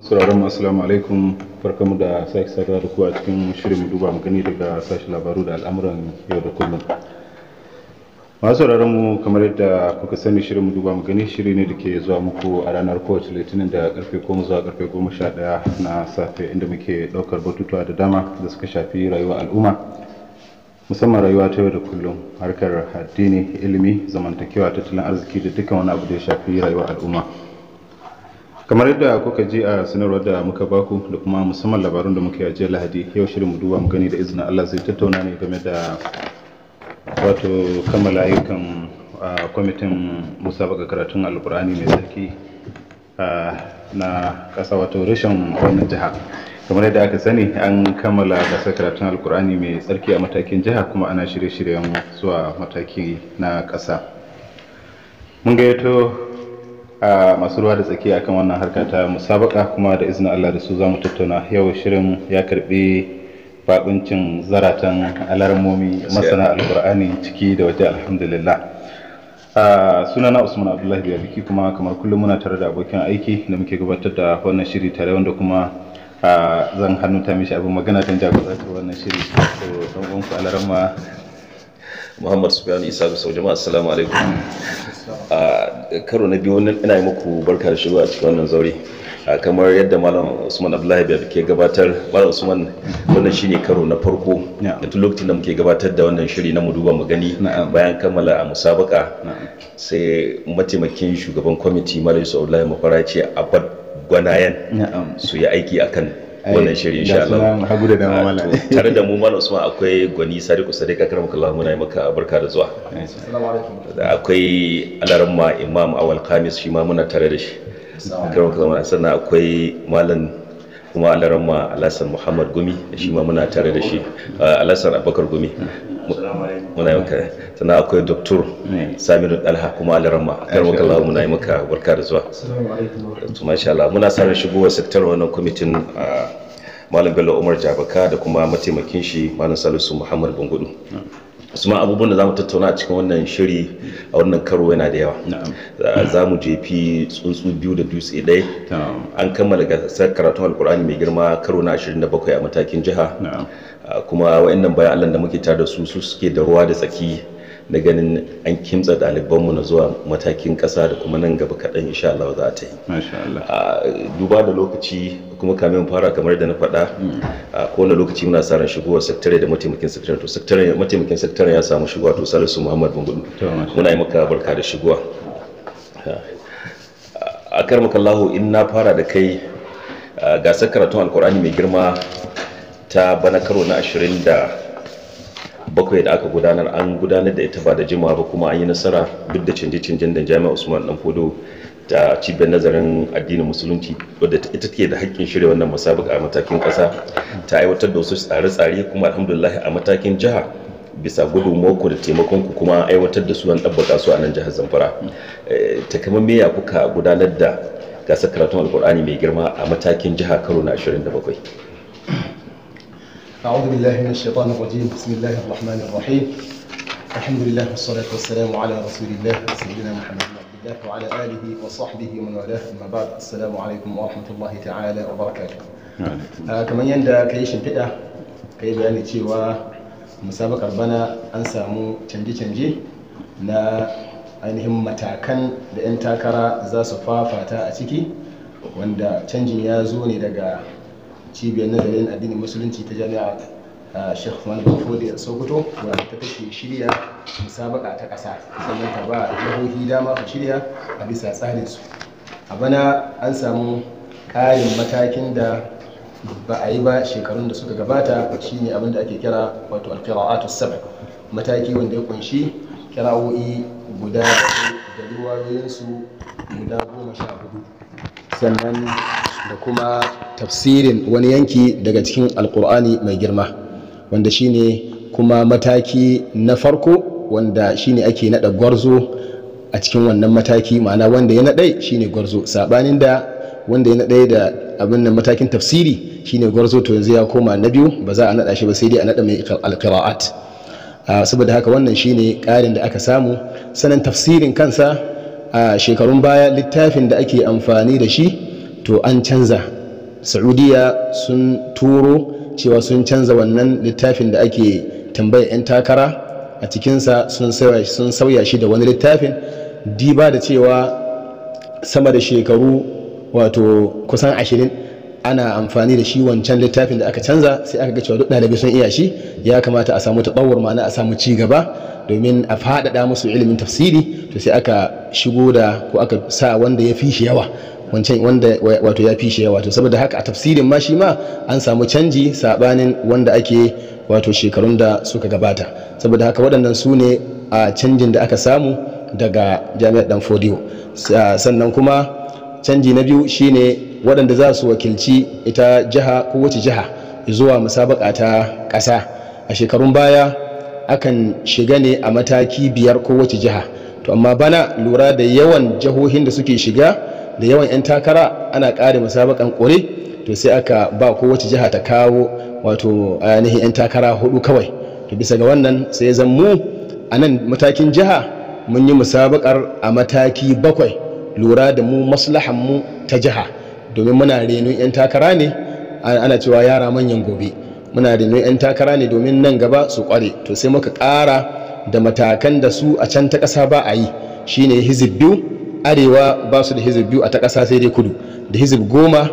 sauraron assalamu alaikum farkonmu da sake saduwa da ku a cikin shirin duba mu gani daga sashi labaru da al'amuran yau da kullum masu sauraron mu kamar yadda kuka sani shirin mu duba mu gani shiri ne da ke zuwa muku a ranar kowace litinin da karfe goma zuwa karfe goma sha daya na safe inda muke ɗaukar batutuwa da dama da suka shafi rayuwar al'umma musamman rayuwa ta yau da kullum harkar addini ilimi zamantakewa tattalin arziki da dukkan wani abu da ya shafi rayuwar al'umma kamar yadda kuka ji a sanarwar da muka baku da kuma musamman labarun da muka yi lahadi yau shirin mu duba mu gani da izinin allah zai tattauna ne game da wato kammala ayyukan kwamitin musabaka karatun alburani mai tsarki na kasa wato rashin wannan jiha kamar yadda aka sani an kammala gasar karatun alkur'ani mai tsarki a matakin jiha kuma ana shirye-shiryen zuwa mataki na kasa mun gayyato a masu ruwa da tsaki akan wannan harka ta musabaka kuma da izinin Allah da su zamu tattauna yau shirin ya karbi bakuncin zaratan alarmomi masana alkur'ani ciki da waje alhamdulillah sunana usman abdullahi biki kuma kamar kullum muna tare da abokin aiki da muke gabatar da wannan shiri tare wanda kuma zan hannu ta mishi abin magana don jagorantar wannan shiri to don uwanku alarma muhammad sufyan isa bisa jama'a assalamu alaikum a ah, karo na biyu ina yi muku barka da shigo a cikin wannan zaure ah, kamar yadda malam usman abdullahi bai ke gabatar malam usman wannan shine karo na farko da tun lokacin da muke gabatar da wannan shiri na mu duba mu gani bayan kammala a musabaka sai mataimakin shugaban kwamiti malam yusuf abdullahi mafara ce a bar gwanayen su yi aiki akan wannan shirin insha Allah hagu da dama ah, mala tare da mu mala Usman akwai gwani Sadiku Sadiq akram kallahu muna maka barka da zuwa da akwai ma Imam Awal Khamis shi ma muna tare da shi akram kallahu sannan akwai malam kuma ma Alhassan Muhammad Gumi shi ma muna tare da shi ah, Alhassan Abubakar Gumi muna maka sannan akwai doktor saminu dalha kuma alarama karmaka Allah muna yi maka barka da zuwa su masha muna sa ran sektar wannan kwamitin malam bello umar jabaka da kuma mataimakin shi malam salisu muhammad bangudu suma abubuwan da za mu tattauna a cikin wannan shiri a wannan karo yana da yawa za mu jefi tsuntsu biyu da dutse ɗaya an kammala gasar karatun alkur'ani mai girma karo na 27 a matakin jiha Ah, kuma wayannan bayan Allah da muke tare da su su suke da ruwa da tsaki da ganin an kimtsa ɗalibanmu na zuwa matakin ƙasa da kuma nan gaba kaɗan insha Allah za ta yi. Ah, duba da lokaci kuma kamin fara kamar da na faɗa mm. a ah, kowane lokaci muna sa ran shigowar sektare da mataimakin sektare to sektare mataimakin sektare ya samu shigowa to Salisu Muhammad Bungudu muna yi maka barka da shigowa. A karmakallahu in na fara da kai gasar karatun alkur'ani mai girma ta bana karo na 20 da bakwai da aka gudanar an gudanar da ita ba da jimawa ba kuma an yi nasara duk da canje-canjen da jami'a usman dan fodo ta cibiyar nazarin addinin musulunci wadda ita ke da haƙƙin shirya wannan musabaka a matakin ƙasa ta aiwatar da wasu tsare-tsare kuma alhamdulillah a matakin jiha bisa gudu moko da taimakon ku kuma aiwatar da su an ɗabbaka su a nan jihar zamfara eh, ta kama me kuka gudanar da gasar karatun alkur'ani mai girma a matakin jiha karo na 27 أعوذ بالله من الشيطان الرجيم بسم الله الرحمن الرحيم الحمد لله والصلاة والسلام على رسول الله سيدنا محمد عبد الله وعلى آله وصحبه ومن والاه أما بعد السلام عليكم ورحمة الله تعالى وبركاته kamar yadda ka yi shimfiɗa ka yi bayani cewa musabakar bana an samu canje-canje na ainihin matakan da 'yan takara za su fafata a ciki wanda canjin ya zo ne daga cibiyar nazarin addinin musulunci ta jami'a Sheikh Malam Fodi a Sokoto wadda ta take shirya musabaka ta ƙasa sannan ta ba a jihohi dama su shirya a bisa tsarin su a bana an samu ƙarin matakin da ba a yi ba shekarun da suka gabata shine abin da ake kira wato alqira'atu sab mataki wanda ya kunshi kira'o'i guda da guda goma sha hudu sannan da kuma tafsirin wani yanki daga cikin alkur'ani mai girma wanda shine kuma mataki na farko wanda shine ake nada gwarzo a cikin wannan mataki ma'ana wanda ya naɗai shine gwarzo Sabanin da wanda ya naɗai da abin nan matakin tafsiri shine gwarzo to yanzu ya koma na biyu ba za a naɗa shi ba sai dai a naɗa mai alƙira'at saboda haka wannan shine karin da aka samu sanan tafsirin kansa a shekarun baya littafin da ake amfani da shi to an canza saudiya sun turo cewa sun canza wannan littafin da ake tambayar 'yan takara a cikinsa sun sauya shi da wani littafin diba da cewa sama da shekaru wato kusan ashirin ana amfani da shi wancan littafin da aka canza sai aka ga cewa duk ɗalibai sun iya shi ya kamata a samu taɓawar ma'ana a samu ci gaba domin a faɗaɗa musu ilimin tafsiri to sai aka shigo da ko aka sa wanda ya fi shi yawa wancan wanda wato ya fi shi saboda haka a tafsirin ma shi ma an samu canji sabanin wanda ake wato shekarun da suka gabata saboda haka waɗannan su ne a canjin da aka samu daga jami'ar dan fodiyo sannan kuma canji na biyu shine waɗanda za su wakilci ita jiha ko wace jiha zuwa musabaka ta ƙasa a shekarun baya akan shiga ne a mataki biyar ko wace jiha to amma bana lura da yawan jihohin da suke shiga da yawan 'yan takara ana ƙare musabakan ƙure to sai aka ba kowace jiha ta kawo wato ainihin 'yan takara hudu kawai to bisa ga wannan sai ya zan mu a nan matakin jiha mun yi musabakar a mataki bakwai lura da mu maslahan mu ta jiha domin muna renon 'yan takara ne ana cewa yara manyan gobe muna renon 'yan takara ne domin nan gaba su kware to sai muka ƙara da matakan da su a can ta ƙasa ba a yi shine hizib biyu arewa ba su da hizib biyu a ta ƙasa sai dai kudu da hizib goma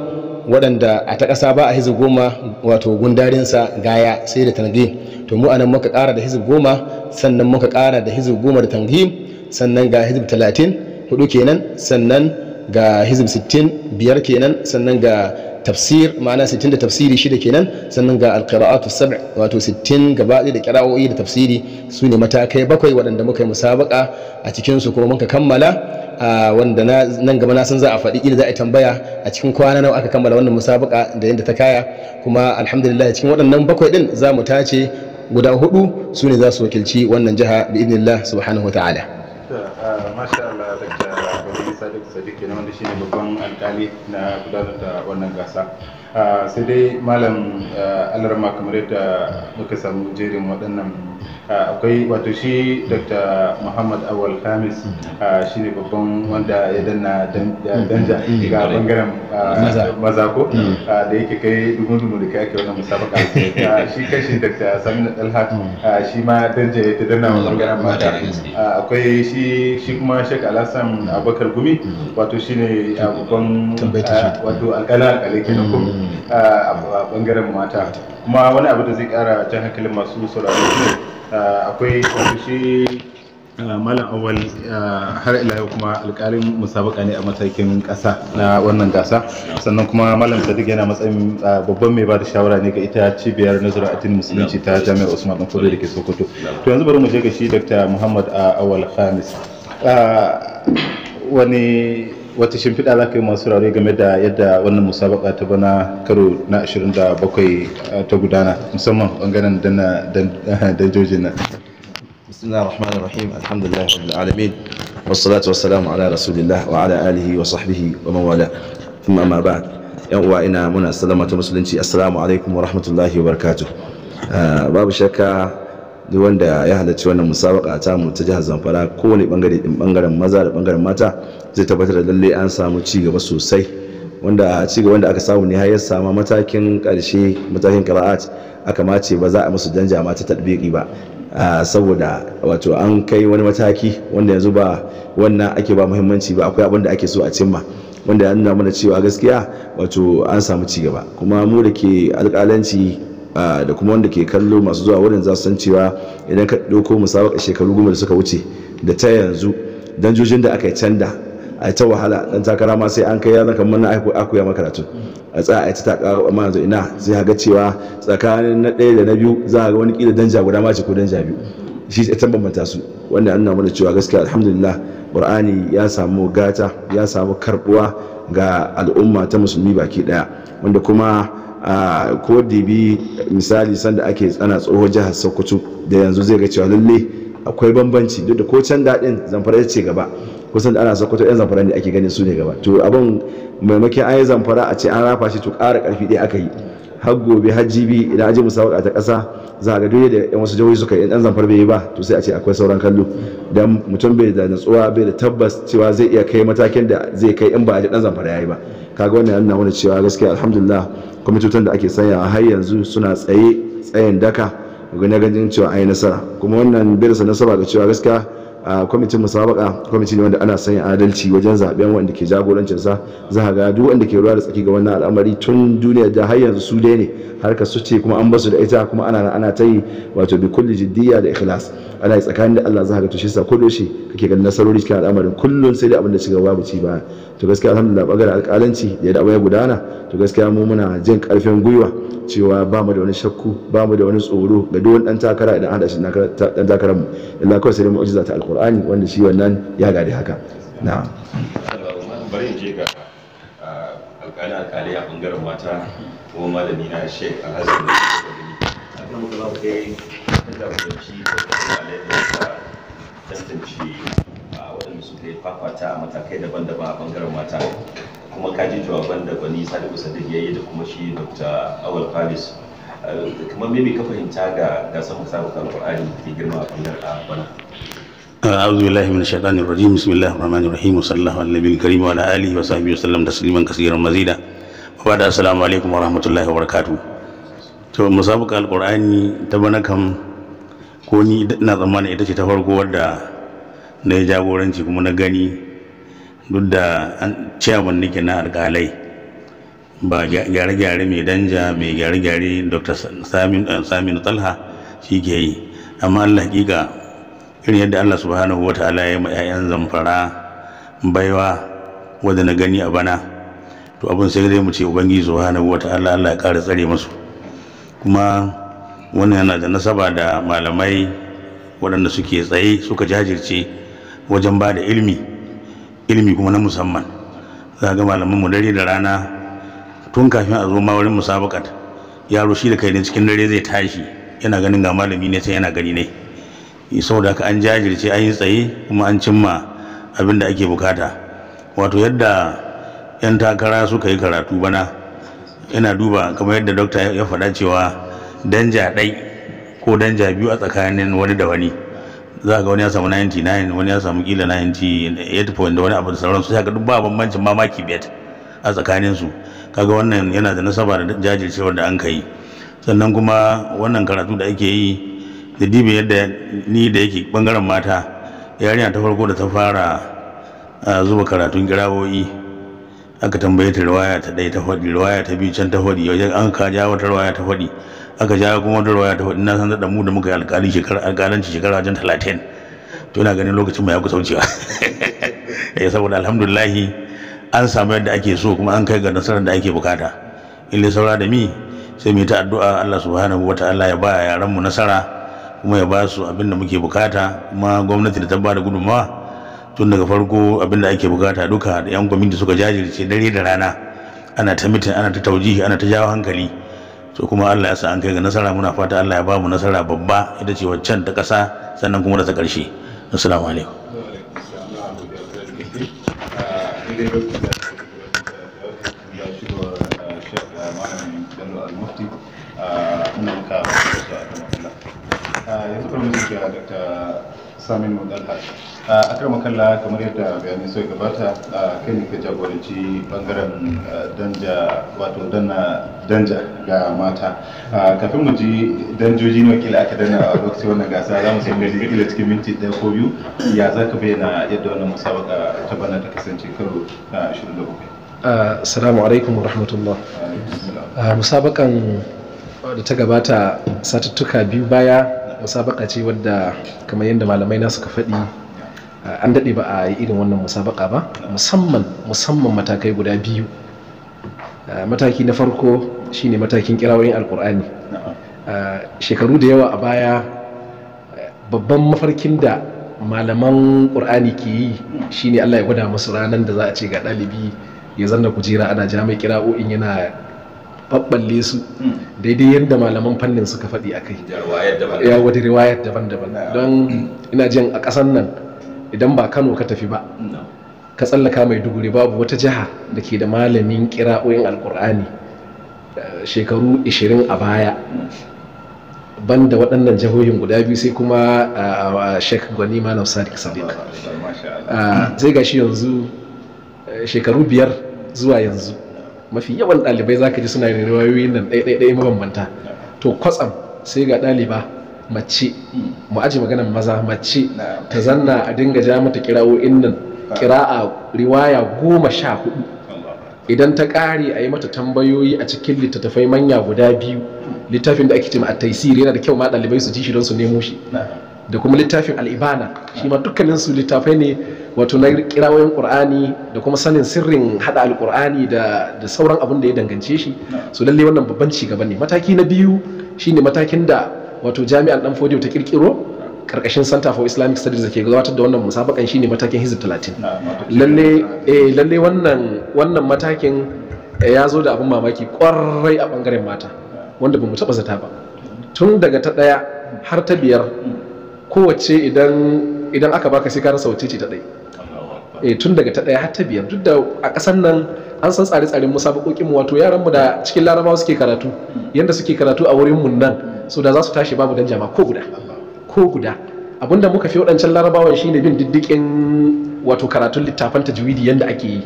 waɗanda a ta ƙasa ba a hizib goma wato gundarinsa gaya sai da tangim to mu anan muka ƙara da hizib goma sannan muka ƙara da hizib goma da tangim sannan ga hizib talatin hudu kenan sannan ga hizib sittin biyar kenan sannan ga tafsir ma'ana sittin da tafsiri shida kenan sannan ga alƙira'atu sab' wato sittin gaba da kira'o'i da tafsiri su ne matakai bakwai waɗanda muka yi musabaƙa a cikinsu kuma muka kammala Ah, wanda nan gaba na san za a faɗi ila za a tambaya a cikin kwana nawa aka kammala wannan musabaka da yadda ta kaya kuma alhamdulillah cikin waɗannan bakwai ɗin za mu tace guda hudu su ne za su wakilci wannan jiha bi idinillah subhanahu wa ta'ala ah, babban na ah, sai dai malam alarma kamar yadda muka samu jerin waɗannan Ah, akwai wato shi dr muhammad awal khamis mm-hmm. ah, shi ne babban wanda ya danna mm-hmm. danja mm-hmm. ga bangaren ah, maza ko da yake kai dubun dumu da kai ake wannan musabaka shi kashi dr samina dalhat shi ma danja ya danna wa bangaren mata akwai shi shi kuma shek alasan abubakar gumi wato shi ne babban wato alkala alkalai kenan ko a bangaren mata kuma wani abu da zai kara jan hankalin masu sauraro Eh, akwai shi eh, malam awal eh, har ila yau kuma alƙalin musabaka ne a matakin ƙasa na wannan gasa sannan kuma malam sadiq yana matsayin babban mai bada shawara ne ga ita cibiyar nazarar musulunci ta jami'ar usman dan da ke sokoto to yanzu bari mu je ga shi dr muhammad awal khamis wani wata shimfiɗa za ka yi masu rare game da yadda wannan musabaka ta bana karo na 27 ta gudana musamman bangaren dana danjojin nan bismillah ar-rahman ar-rahim alhamdulillah rabbil alamin wassalatu wassalamu ala rasulillah wa ala alihi wa sahbihi wa man wala thumma ma ba'd yan uwa ina muna salama ta musulunci assalamu alaikum wa rahmatullahi wa barakatuh babu shakka duk wanda ya halarci wannan musabaka ta mu ta jihar Zamfara kowane bangare din bangaren maza da bangaren mata zai tabbatar da lalle an samu ci gaba sosai wanda a ci gaba da aka samu ne har ya samu matakin karshe matakin qira'at aka mace ba za a musu danja mata ta tadbiqi ba saboda wato an kai wani mataki wanda yanzu ba wannan ake ba muhimmanci ba akwai abin da ake so a cimma wanda ya nuna mana cewa gaskiya wato an samu ci gaba kuma mu da ke alƙalanci da kuma wanda ke kallo masu zuwa wurin za su san cewa idan ka ɗauko musabaka shekaru goma da suka wuce da ta yanzu danjojin da aka yi canda a ta wahala dan takara ma sai an kai yaran kamar na akuya makaratu a tsaya a ta ƙara amma yanzu ina sai haga cewa tsakanin na ɗaya da na biyu za a ga wani ƙila danja guda ma ce ko danja biyu shi ta bambanta su wanda an mana cewa gaskiya alhamdulillah qur'ani ya samu gata ya samu karbuwa ga al'umma ta musulmi baki ɗaya wanda kuma ko dibi misali sanda ake tsana tsoho jihar sokoto da yanzu zai ga cewa lalle akwai bambanci duk da ko can daɗin zamfara ce gaba kusan da ana sokoto yan zamfara ne ake ganin su ne gaba to abin maimakon an yi zamfara a ce an rafa shi to ƙara ƙarfi ɗaya aka yi har gobe har jibi idan aji musabaka ta ƙasa za a ga duniya da yan wasu jihohi suka yi dan zamfar bai yi ba to sai a ce akwai sauran kallo dan mutum bai da natsuwa bai da tabbas cewa zai iya kai matakin da zai kai in ba a ji dan ya yayi ba kaga wannan yana nuna cewa gaskiya alhamdulillah kwamitocin da ake sanya har yanzu suna tsaye tsayin daka ga ganin cewa an nasara kuma wannan bai nasara ga cewa gaskiya A kwamitin musabaka kwamiti ne wanda ana sanya adalci wajen zaben wanda ke jagorancin sa za ga duk wanda ke ruwa da tsaki ga wannan al'amari tun duniya da har yanzu su dai ne harka su ce kuma an basu da ita kuma ana ana ta yi wato bi kulli jiddiya da ikhlas ana yi tsakanin da Allah za ga to shi sa kodo shi kake ganin nasarori cikin al'amarin kullun sai da abin da shiga babu ci ba to gaskiya alhamdulillah bagara alƙalanci da da ya gudana to gaskiya mu muna jin karfin gwiwa cewa ba mu da wani shakku ba mu da wani tsoro ga duk wani dan takara idan an da shi dan takarar mu illa kawai sai mu mu'jiza ta alƙur'ani alkur'ani wanda shi wannan ya gadi haka na bari je ga alkali alkali a bangaren mata kuma malami na shek alhassan da shi da muka ba kai ta jagoranci tantance waɗanda suka yi fafata matakai daban-daban a bangaren mata kuma kaji jawaban da gwani sadiku sadiq ya yi da kuma shi dr awal falis kamar me ka fahimta ga gasar musabakar qur'ani da girma a bangaren bana أعوذ بالله من الشيطان الرجيم بسم الله الرحمن الرحيم وصلى الله على النبي الكريم وعلى آله وصحبه وسلم تسليما كثيرا مزيدا وبعد السلام عليكم ورحمة الله وبركاته to musabaka alqur'ani ta bana kam ko ni na tsammanin ita ce ta farko wadda na ya jagoranci kuma na gani duk da an ciyaman nake na alƙalai ba gyare-gyare mai danja mai gyare-gyare dr talha shi ke yi amma allah hakika irin yadda Allah subhanahu wa ta'ala ya ma 'ya'yan zamfara baiwa wadda na gani a bana to abin sai zai mu ce ubangiji subhanahu wa ta'ala Allah ya ƙara tsare musu kuma wannan yana da nasaba da malamai waɗanda suke tsaye suka jajirce wajen ba da ilimi ilimi kuma na musamman za ga malaman mu dare da rana tun kafin a zo ma wurin musabakat yaro shi da kai ne cikin dare zai tashi yana ganin ga malami ne sai yana gani ne saboda haka an jajirce an yi tsaye kuma an cimma abin da ake bukata wato yadda 'yan takara suka yi karatu bana yana duba kamar yadda dokta ya faɗa cewa danja ɗai ko danja biyu a tsakanin wani da wani za ga wani ya samu 99 wani ya samu kila 98 da wani abu da sauransu sai ga duk ba bambancin mamaki bet a tsakaninsu kaga wannan yana da nasaba da jajircewar da an ka yi sannan kuma wannan karatu da ake yi da yadda ni da yake bangaren mata yarinya ta farko da ta fara zuba karatun girawoyi aka tambaye ta riwaya ta ɗaya ta faɗi riwaya ta biyu can ta faɗi wajen an ka ja wata riwaya ta faɗi aka ja kuma wata riwaya ta faɗi na san da mu da muka yi alƙali shekara alƙalanci shekara wajen talatin to ina ganin lokacin mai ya kusa wucewa eh saboda alhamdulillahi an samu yadda ake so kuma an kai ga nasarar da ake bukata in saura da mi sai mu yi ta addu'a Allah subhanahu wataala ya ba yaran mu nasara kuma ya ba su abin da muke bukata kuma gwamnati da ta ba da gudunmawa tun daga farko abin da ake bukata duka da 'yan gwamnati suka jajirce dare da rana ana ta mitin ana ta taujihi ana ta jawo hankali to kuma Allah ya sa an kai ga nasara muna fata Allah ya ba mu nasara babba ita ce waccan ta ƙasa sannan kuma da ta ƙarshe assalamu alaikum da Dr. Samin A kamar yadda bayanai suka gabata kai ka jagoranci bangaren danja wato danna danja ga mata. Kafin mu ji danjoji na aka danna a lokacin wannan gasa za mu kila cikin minti ɗaya ko biyu ya za ka bayyana yadda wannan musabaka ta bana ta kasance karo na Assalamu alaikum wa rahmatullah. Musabakan da ta gabata satuttuka biyu baya musabaka ce wadda kamar yadda malamai na suka faɗi eh, an daɗe ba a yi irin wannan musabaka ba musamman musamman matakai guda biyu eh, mataki na farko shine matakin kirawoyin alkur'ani eh, shekaru da yawa a baya babban mafarkin da malaman ƙur'ani ke yi shine allah ya gwada musu ranar da za a ce ga ɗalibi ya zanna kujera ana jami'a kira'o'in yana ɓaɓɓalle su hmm. daidai yadda malaman fannin suka faɗi a kai ya wata riwayar daban-daban hmm. don ina jin a ƙasan nan idan ba kano ka tafi ba hmm. ka tsallaka mai duguri babu wata jiha da ke da malamin kira'o'in alkur'ani eh, shekaru 20 a baya Ban da waɗannan jihohin guda biyu sai kuma eh, sheikh gwani malam sadiq sadiq zai ah, gashi yanzu eh, shekaru biyar zuwa yanzu mafi yawan ɗalibai za ka ji suna yin riwayoyin nan ɗaiɗaiɗai mabambanta to kwatsam sai ga ɗaliba mace mu aji maganar maza mace ta zanna a dinga ja mata kira'o'in nan kira'a riwaya goma sha hudu idan ta ƙare a yi mata tambayoyi a cikin littattafai manya guda biyu littafin da ake cewa a taisiri yana da kyau ma ɗalibai su ji shi don su nemo shi da kuma littafin al'ibana shi ma dukkanin littafai ne wato na kirawoyin qur'ani da kuma sanin sirrin hada alqur'ani da da sauran abin da ya dangance shi so lalle wannan babban ci gaba ne mataki na biyu shine matakin da wato jami'an dan fodiyo ta kirkiro karkashin center for islamic studies da ke gabatar da wannan musabakan shine matakin hizib 30 lalle eh lalle wannan wannan matakin eh, ya zo da abin mamaki kwarai a bangaren mata wanda bamu taba zata ba tun daga ta daya har ta biyar hmm. kowace idan aka baka sai ka rasa wacce ce ta ɗaya Eh, tun daga ta ɗaya har ta biyar duk da a ƙasar nan an san tsare-tsaren musabakokin wato yaran mu da cikin larabawa suke karatu yanda suke karatu a wurin mun nan so da za su tashi babu dan jama'a, ko guda ko guda abinda muka fi waɗancan larabawan shine bin diddikin wato karatun littafan tajwidi yanda ake yi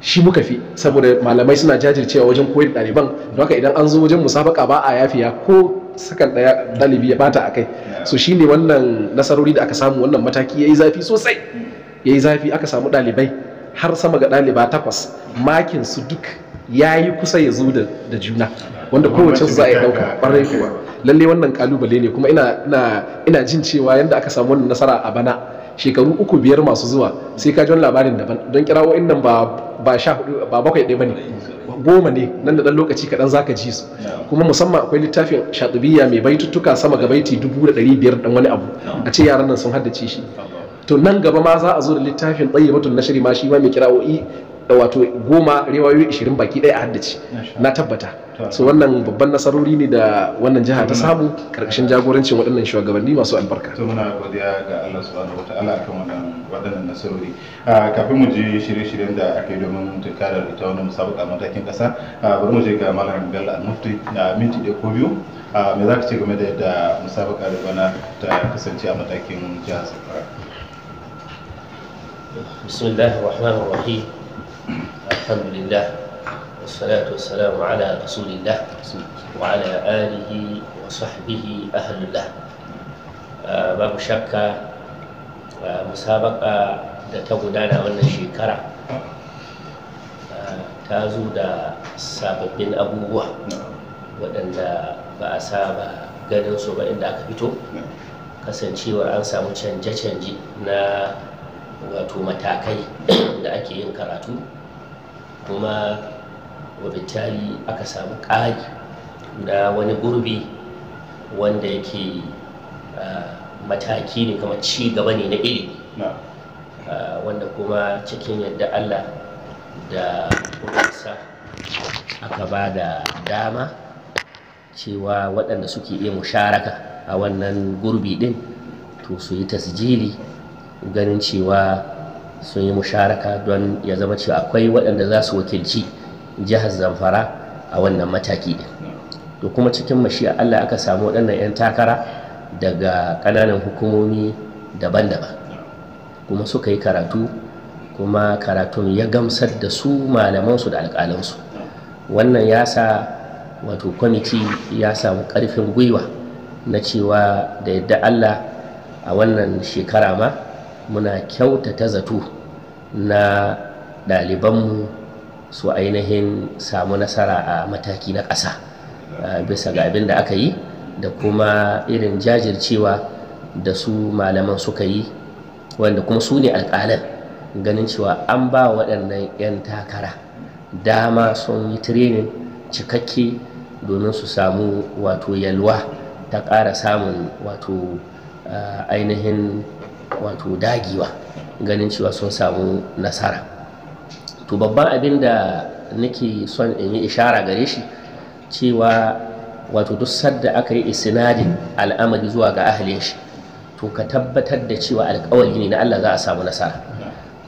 shi muka fi saboda malamai suna jajircewa wajen koyar ɗaliban don haka idan an zo wajen musabaka ba a yafiya ko sakan ɗaya ɗalibi ya bata a kai so shine wannan nasarori da aka samu wannan mataki ya yi zafi sosai ya yi zafi aka samu ɗalibai har sama ga ɗaliba takwas makin su duk ya yi kusa ya zo da juna wanda kowace za a yi ɗauka ɓarai kuwa lalle wannan kalubale ne kuma ina jin cewa yadda aka samu wannan nasara a bana shekaru uku biyar masu zuwa sai ka ji labarin daban don kirawo nan ba sha hudu ba bakwai ɗaya ba ne goma ne nan da ɗan lokaci kaɗan zaka ji su kuma musamman akwai littafin shaɗubiya mai baituttuka sama ga baiti dubu da ɗari biyar ɗan wani abu a ce yaran nan sun haddace shi to nan gaba ma za a zo da littafin na nashiri ma shi ma mai kira kira'o'i da wato goma rewayoyi ishirin baki ɗaya a haddace na tabbata so wannan babban nasarori ne da wannan jiha ta samu karkashin jagorancin waɗannan shugabanni masu albarka to muna godiya ga Allah subhanahu wataala wannan waɗannan nasarori kafin mu je shirye-shiryen da aka yi domin tunkarar ita wannan musabaka matakin ƙasa bari mu je ga malam Bello al-Mufti na minti ɗaya ko biyu me za ka ce game da yadda musabaka da bana ta kasance a matakin jihar Zamfara بسم الله الرحمن الرحيم الحمد لله والصلاة والسلام على رسول الله وعلى آله وصحبه أهل الله babu shakka ah, musabaka da ta gudana wannan shekara ah, ta zo da sababbin abubuwa waɗanda ba a saba ganin su ba inda aka fito kasancewar an samu canje-canje na wato matakai da ake yin karatu kuma wabitali aka samu ƙari na wani gurbi wanda yake mataki ne kama ci gaba ne na ilimi wanda kuma cikin yadda allah da kuma aka ba da dama cewa waɗanda suke iya musharaka a wannan gurbi ɗin to su yi tasjili ganin cewa sun yi musharaka don ya zama cewa akwai waɗanda za su wakilci jihar zamfara a wannan mataki to kuma cikin mashi'a allah aka samu waɗannan 'yan takara daga ƙananan hukumomi daban-daban kuma suka yi karatu kuma karatun ya gamsar da su malamansu da alƙalansu wannan ya sa wato kwamiti ya samu ƙarfin gwiwa na cewa da yadda allah a wannan shekara ma muna kyautata zato na ɗalibanmu su ainihin samu nasara a mataki na ƙasa bisa ga abin da aka yi da kuma irin jajircewa da su malaman suka yi wanda kuma su ne alƙalan ganin cewa an ba waɗannan 'yan takara dama sun yi tirenin cikakke domin su samu wato yalwa ta ƙara samun wato ainihin wato dagewa ganin cewa sun samu nasara to babban abin da nake son in yi ishara gare shi cewa wato duk sadda aka yi isinadin al'amari zuwa ga ahalin shi to ka tabbatar da cewa alkawari ne na Allah za a samu nasara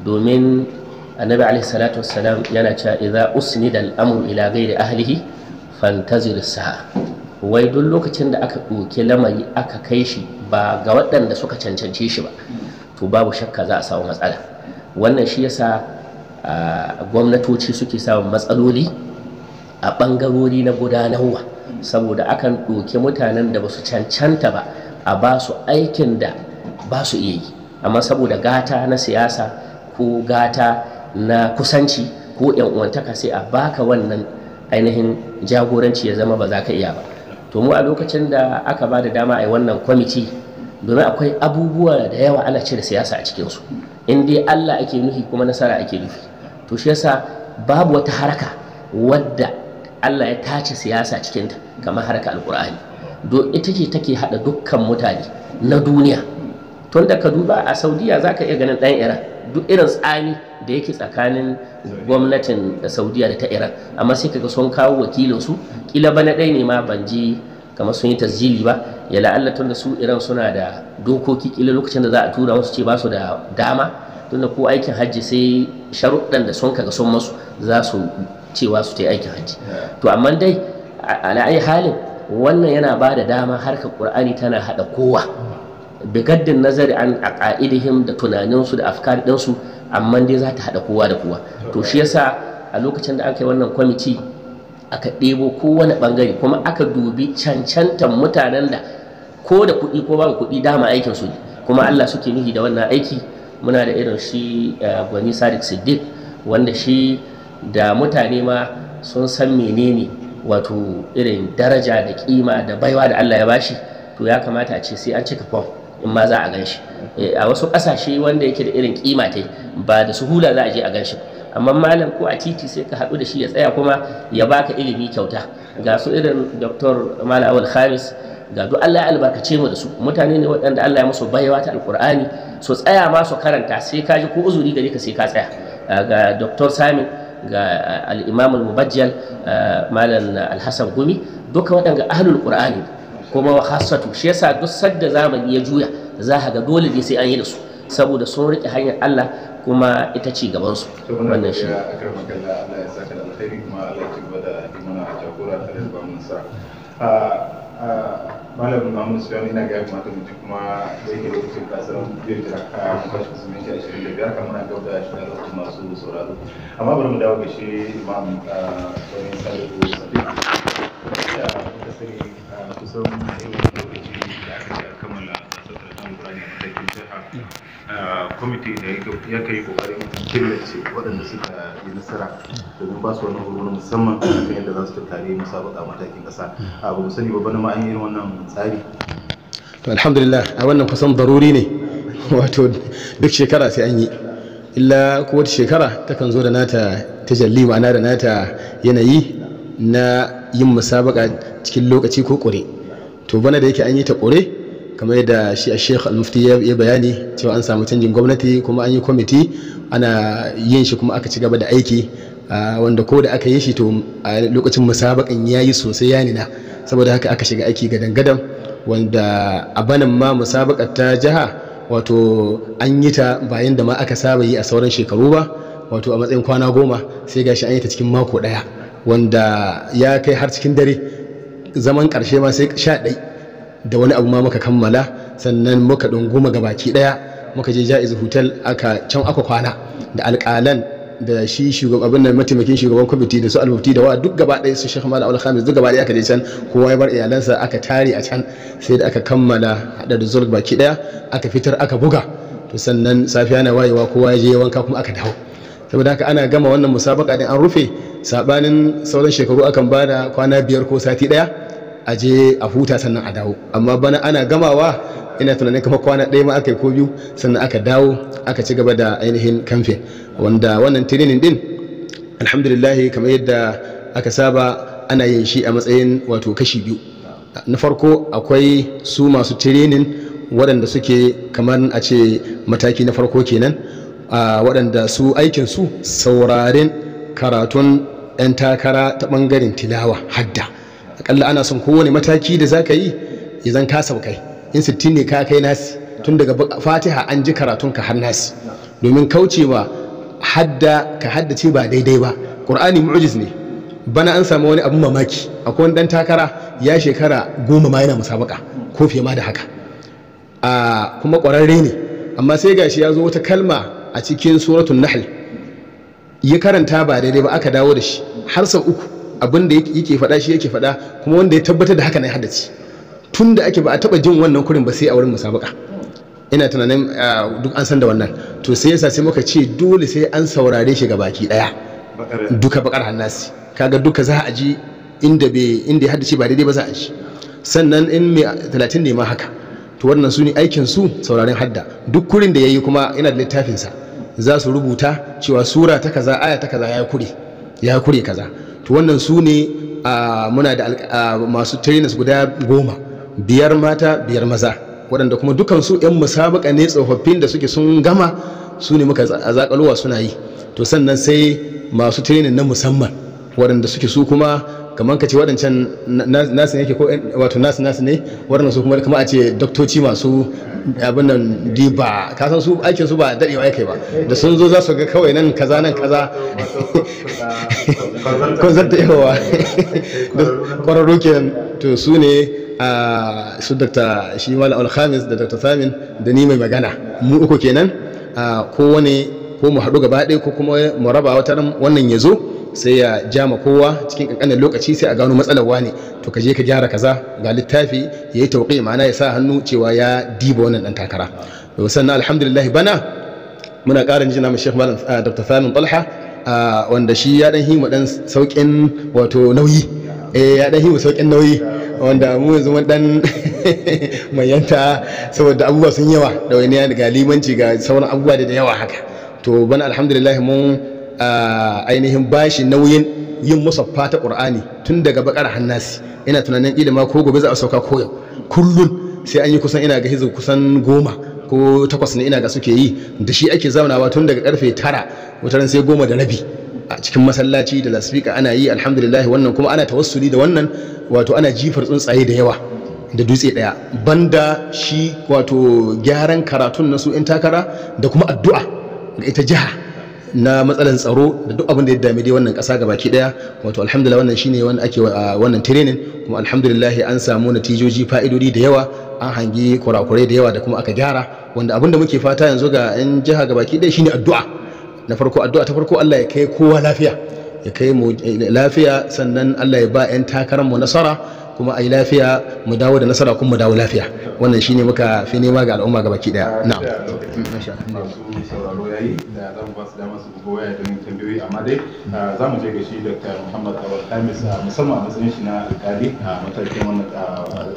domin annabi alaihi salatu wassalam yana cewa idza usnida al'amru ila ghairi ahlihi fantazir sa'a wai duk lokacin da aka ɗauki lamari aka kai shi ba ga waɗanda suka cancance shi ba to babu shakka za a samu matsala wannan shi yasa gwamnatoci suke samun matsaloli a ɓangarori na gudanarwa saboda akan ɗauki mutanen da ba su cancanta ba a ba su aikin da ba su iya yi amma saboda gata na siyasa ko gata na kusanci ko 'yan uwantaka sai a baka wannan ainihin jagoranci ya zama ba za ka iya ba to mu a lokacin da aka ba da dama a yi wannan kwamiti domin akwai abubuwa da yawa ana cire siyasa a cikinsu in dai allah ake nufi kuma nasara ake nufi to shi yasa babu wata haraka wadda allah ya tace siyasa cikinta kamar haraka alkur'ani do ita ce take haɗa dukkan mutane na duniya tun da ka duba a saudiya za ka iya ganin ɗan iran duk irin tsami da yake tsakanin gwamnatin da saudiya da ta iran amma sai kaga sun kawo wakilin su kila bana ɗaya ne ma ban je kamar sun yi tasjili ba ya la'alla tun da su iran suna da dokoki kila lokacin da za a tura wasu ce ba su da dama tunda ko aikin hajji sai sharuɗɗan da sun kaga sun masu za su cewa su ta yi aikin hajji to amma dai a halin wannan yana ba da dama harkar ƙur'ani tana haɗa kowa bigaddin nazari an a ka'idihim da tunaninsu da afkar ɗinsu amma dai za ta haɗa kowa da kowa to shi yasa a lokacin da aka yi wannan kwamiti aka ɗebo kowane ɓangare kuma aka dubi cancantan mutanen da ko da kuɗi ko babu kuɗi dama aikin su kuma Allah suke nuhi da wannan aiki muna da irin shi eh, gwani sadiq siddiq wanda shi da mutane ma sun san menene wato irin daraja da kima da baiwa da Allah ya bashi to ya kamata a ce sai an cika fom in ma za a gan shi eh, a wasu ƙasashe wanda yake da irin kima ta ba da suhula za a je a gan shi amma malam ko a titi sai ka haɗu da shi ya tsaya kuma ya baka ilimi kyauta ga su irin dr malam awal khamis ga duk Allah ya albarkace mu da su mutane ne waɗanda Allah ya musu baiwa ta alkur'ani su tsaya ma su karanta sai ka ji ko uzuri gare ka sai ka tsaya ah, ga dr samin ga al-imam mubajjal ah, malam al gumi duka waɗanda ahlul qur'ani ko kuma hassatu shi yasa duk sadda zamani ya juya za ka ga dole ne sai an yi da su saboda sun rike hanyar Allah kuma ita ci gaban su wannan shi malam mamun suyani na kuma ta mutu kuma zai ke lokacin kasar biyar da kuma kashi kusa minti ashirin da biyar kamar gab da shi da masu sauraro amma bari mu dawo ga shi imam suyani salihu da muka sani a kusan da aka kammala sassauta kan burani a matakin jiha kwamiti da ya kai kokarin killace waɗanda suka yi nasara domin ba su wani horo na musamman kan yadda za su tattare musabaka matakin ƙasa a ba mu sani ba bana ma an yi wannan tsari to alhamdulillah a wannan kusan daruri ne wato duk shekara sai an yi illa wata shekara takan zo da nata tajalli ma'ana da nata yanayi na yin musabaka cikin lokaci ko kure to bana da yake an yi ta kure kamar yadda shi a sheikh al-mufti ya bayani cewa an samu canjin gwamnati kuma an yi kwamiti ana yin shi kuma aka ci gaba da aiki wanda ko da aka yi shi to a lokacin musabakan ya yi sosai ya nina saboda haka aka shiga aiki gadan gadan wanda a banan ma musabaka ta jiha wato an yi ta bayan da ma aka saba yi a sauran shekaru ba wato a matsayin kwana goma sai gashi an yi ta cikin mako ɗaya wanda ya kai har cikin dare zaman karshe ma sai sha ɗai da wani abu ma muka kammala sannan muka goma ga baki ɗaya muka je ja'iz hotel aka can aka kwana da alƙalan da shi shugaban nan mataimakin shugaban kwamiti da su almufti da wa duk gaba ɗaya su shekh malam alhamis duk gaba ɗaya aka je can kowa ya bar iyalansa aka tare a can sai da aka kammala haɗa da zurg baki ɗaya aka fitar aka buga to sannan safiya na wayewa kowa ya je wanka kuma aka dawo saboda haka ana gama wannan musabaka din an rufe sabanin sauran shekaru akan bada kwana biyar ko sati daya a je a huta sannan a dawo amma bana ana gamawa ina tunanin kama kwana ɗaya ma aka yi ko biyu sannan aka dawo aka ci gaba da ainihin kamfe wanda wannan tirinin din alhamdulillah kamar yadda aka saba ana yin shi a matsayin wato kashi biyu na farko akwai su masu tirinin waɗanda suke kamar a ce mataki na farko kenan a waɗanda su aikinsu sauraren karatun ɗan takara ta ɓangaren tilawa hadda akalla ana son kowane mataki da za ka yi ya zan ka saukai in sittin ne ka kai nasi tun daga fatiha an ji karatunka har nasi domin kaucewa hadda ka haddace ba daidai ba ƙur'ani mu'jiz ne bana an sami wani abin mamaki akwai wani ɗan takara ya shekara goma ma yana musabaka ko fiye ma da haka a kuma ƙwararre ne amma sai gashi ya zo wata kalma a cikin suratun nahl ya karanta ba daidai ba aka dawo da shi har sau uku abin da yake faɗa shi yake faɗa kuma wanda ya tabbatar da haka na ya haddace tun da ake ba a taɓa jin wannan kurin ba sai a wurin musabaka ina tunanin ah, duk an san da wannan to sai yasa sai muka ce dole sai an saurare shi ga baki daya duka bakar hannasi kaga duka za a ji inda bai inda ya haddace ba daidai ba za a ji sannan in mai talatin ne ma haka to wannan su ne aikin su sauraren hadda duk kurin da ya yi kuma ina da littafinsa za su rubuta cewa sura ta kaza aya ta kaza ya kure ya kure kaza to wannan su ne muna da masu trainers guda goma biyar mata biyar maza waɗanda kuma dukansu 'yan musabaka ne tsofaffin da suke sun gama su ne muka zakalowa suna yi to sannan sai masu training na musamman waɗanda suke su kuma kamar ka ce waɗancan nasu ne ke ko wato nasu nasu ne waɗanda su kuma a ce doktoci masu abin nan diba ka san su aikin su ba dadewa yake ba da sun zo za su ga kawai nan kaza nan kaza konzar da yawa da kwararru kenan to su ne a su Dr. shi al alhamis da Dr. samin da ni mai magana mu uku kenan a kowane ko mu haɗu gaba ɗaya ko kuma mu raba wata wannan ya zo sai ya jama kowa cikin kankanin lokaci sai a gano matsalar wani to ka je ka gyara kaza ga littafi ya yi tauƙi ma'ana ya sa hannu cewa ya diba wannan ɗan takara to sannan alhamdulillah bana muna ƙarin jina mu Sheikh Malam ah, Dr. Salim Talha ah, wanda shi ya dan himu dan sauƙin wato nauyi eh ya dan himu sauƙin nauyi wanda mu yanzu mun dan mayanta saboda abubuwa sun yawa da wani ga limanci ga sauran abubuwa da yawa haka to bana alhamdulillah mun ainihin bashi nauyin yin musaffa ta qur'ani tun daga bakar hannasi ina tunanin ilima ko gobe za a sauka yau. Kullum sai an yi kusan ina ga hizo kusan goma ko takwas ne ina ga suke yi da shi ake zaunawa tun daga karfe tara wataran sai goma da rabi a cikin masallaci da lasfika ana yi alhamdulillah wannan kuma ana tawassuli da wannan wato ana jifar tsuntsaye da yawa da dutse daya banda shi wato gyaran karatun na su takara da kuma addu'a ga ita jiha na matsalan tsaro da duk abin da ya dame dai wannan ƙasa gabaki ɗaya. daya wato alhamdulillah wannan shine wanda ake ah, wannan training kuma alhamdulillah an samu natijoji fa'idodi da yawa an hangi kurakurai da yawa da kuma aka gyara wanda abin da muke fata yanzu ga 'yan jiha gabaki ɗaya daya shine addu'a na farko addu'a ta farko Allah ya kai kowa lafiya ya kai mu eh, lafiya sannan Allah ya ba 'yan takararmu nasara kuma a yi lafiya mu dawo da nasara kuma mu dawo lafiya wannan shine muka fi nema ga al'umma ga baki daya na'am sauraro yayi da za mu dama su bugo waya don tambayoyi amma dai za mu je ga shi Dr. Muhammad Awal Kamis musamman a matsayin shi na alƙali a matakin wannan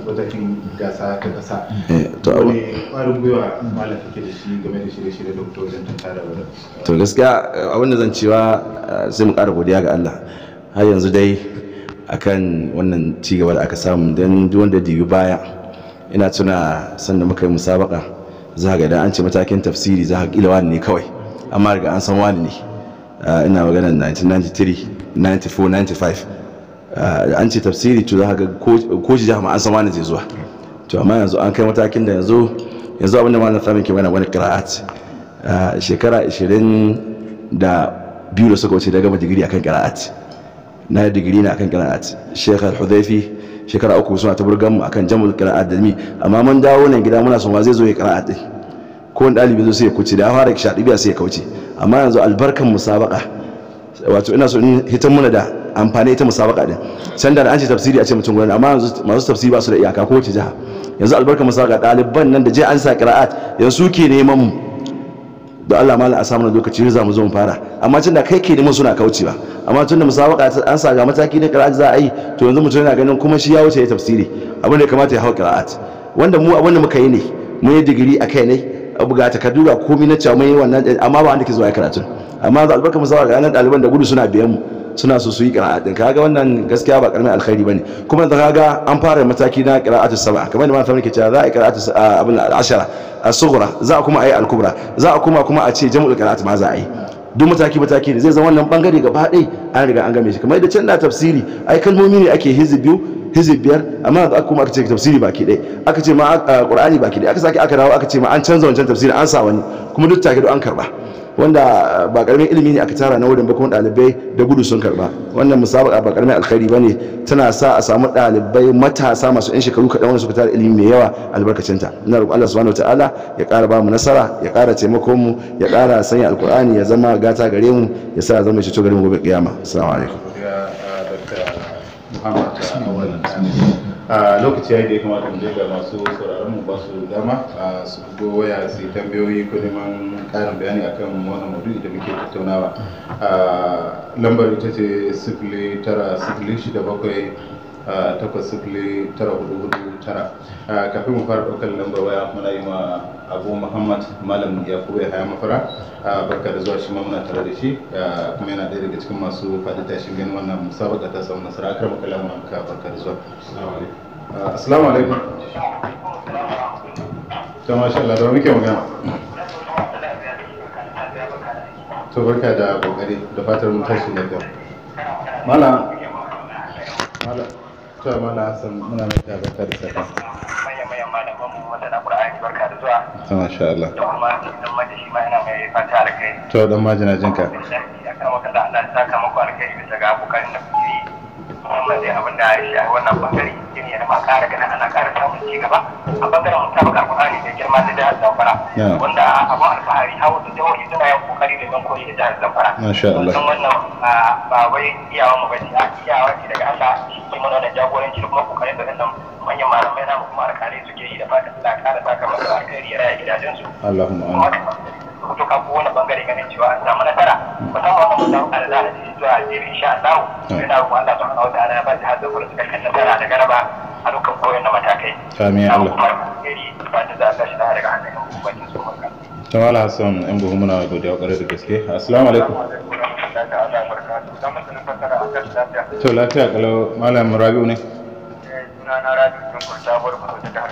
matakin gasa ta kasa eh, to wani ƙwarin gwiwa malam ke da shi game da shirye-shirye da kuma wajen tattara tantara to gaskiya abin da zan cewa sai mu ƙara godiya ga Allah har yanzu dai akan wannan cigaba da aka samu don duk wanda dibi baya ina tuna sanda muka yi musabaka za ga idan an ce matakin tafsiri za ka kila wani ne kawai amma daga an san wani ne ah, ina magana 1993 94 95 an ce tafsiri to za ka ko shi jama'a an san wani zai zuwa to amma yanzu an kai matakin da yanzu yanzu abinda ma na samun ke mana wani qira'at ah, shekara 20 da biyu da suka wuce daga digiri akan qira'at na yi digiri na akan kira'at shekh al-hudhaifi shekara uku suna ta burgan mu akan jamul kira'at da mi amma mun dawo nan gida muna son zai zo ya kira'at din ko wani ɗalibi zo sai ya kuce da ya fara kisha ɗibiya sai ya kauce amma yanzu albarkan musabaka wato ina so in hitan muna da amfani ita musabaka din Sanda da an ce tafsiri a ce mutum gudanar amma yanzu masu tafsiri ba su da iyaka ko wace jiha yanzu albarkan musabaka ɗaliban nan da je an sa kira'at yanzu ke neman mu da Allah mala a samun lokaci ne za mu zo mu fara amma tun da kai ke neman suna kaucewa amma tun da musabaka an sa ga mataki na qira'at za a yi to yanzu mutum yana ganin kuma shi ya wuce ya tafsiri abin da kamata ya hawa qira'at wanda mu abin da muka yi ne mun yi digiri a kai ne abu ga takardu ga komai na cewa mun yi wannan amma ba an ke zuwa karatu. amma za albarka musabaka nan ɗaliban da gudu suna biyan mu suna so su yi qira'a din kaga wannan gaskiya ba karamin alkhairi bane kuma da kaga an fara mataki na qira'atu sab'a kamar da malamin ke cewa za a yi qira'atu abin al-ashara as-sughra za a kuma a yi al-kubra za a kuma kuma a ce jam'ul qira'at ma za a yi duk mataki mataki ne zai zama wannan bangare gaba ɗaya an riga an game shi kamar da can da tafsiri ai kalmomi ne ake hizib biyu hizib biyar amma da kuma aka ce tafsiri baki ɗaya aka ce ma qur'ani baki ɗaya aka saki aka dawo aka ce ma an canza wancan tafsiri an sa wani kuma duk take an karba wanda ba karamin ilimi ne aka tara na wurin ba kuma ɗalibai da gudu sun karba wannan musabaka ba karamin alkhairi ba ne tana sa a samu ɗalibai matasa masu yan shekaru kaɗan wanda suka tara ilimi mai yawa albarkacinta ina roƙon Allah subhanahu wataala ya ƙara ba mu nasara ya ƙara taimako mu ya ƙara sanya alkur'ani ya zama gata gare mu ya sa zama to gare mu gobe kiyama assalamu alaikum eh, Muhammad eh, eh, a lokaci ya da ya kamata mu ga masu sauraron mu ba su dama a su bugo waya su tambayoyi ko neman karin bayani akan wannan maudu'i da muke tattaunawa lambar ita ce sifili tara sifili shida bakwai takwas sifili tara hudu hudu tara ah, kafin mu fara ɗaukar lambar waya muna yi ma abu muhammad malam yakubu ya haya mafara ah, barka da zuwa shi ma muna tare da shi ah, kuma yana ɗaya daga cikin masu faɗi tashin wannan musabaka ta samu nasara barka da zuwa assalamu alaikum ta masha Allah da wani ke magana to barka da kokari da fatar mun tashi lafiya malam malam to mana hasan muna mai tabbatar da saka manyan manyan malaman mu wanda na qur'ani barka da zuwa to masha Allah da kuma dan maji shi ma ina mai fata alkai to dan maji na jinka akan maka da Allah kama ku alkai bisa ga abokan da kuke musamman dai abin da ya shafi wannan bangare shi ne ma ƙara ganin ana ƙara samun ci gaba a bangaren mutabakar Qur'ani da girma da jihar Zamfara wanda abu alfahari har wasu jihohi suna yin kokari da don koyi da jihar Zamfara musamman wannan ba wai iyawa mu bane a iyawa ce daga Allah shi ke mana da jagoranci kuma kokarin da wannan manyan malamai namu kuma alƙalai suke yi da fatan Allah ƙara saka masa alƙairi raya gidajensu Allahumma amin to ka ko wani bangare ganin cewa an samu nasara musamman wannan mutabakar da za a zuwa jiri insha Allah ah. ina roƙon Allah ya ba ta hadda gurin nasara da garaba a dukkan koyon na matakai amin Allah ta tawala hassan buhu muna godiya da gaske assalamu alaikum to lafiya kalau malam rabiu ne eh, sunana rabiu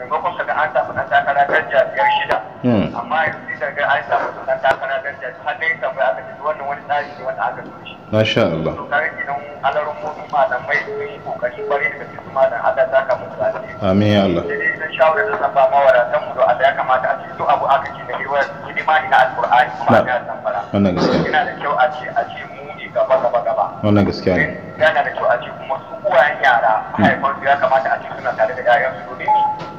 maimakon kaga an samu ɗan takara daraja biyar shida hmm. amma yanzu sai ga an samu ɗan takara daraja har dai kamar aka wannan wani tsari ne wanda aka zo shi masha Allah to kare ki nan mutum malamai su yi kokari bare da su mu da amin ya Allah sai da kamata a ci duk abu aka da hidima ne na alqur'ani kuma wannan gaskiya yana da kyau a ce a ce mu gaba gaba wannan gaskiya ne yana da kyau a ce kuma su uwayen yara hmm. haifar su ya kamata a ce suna tare da ƴaƴan su domin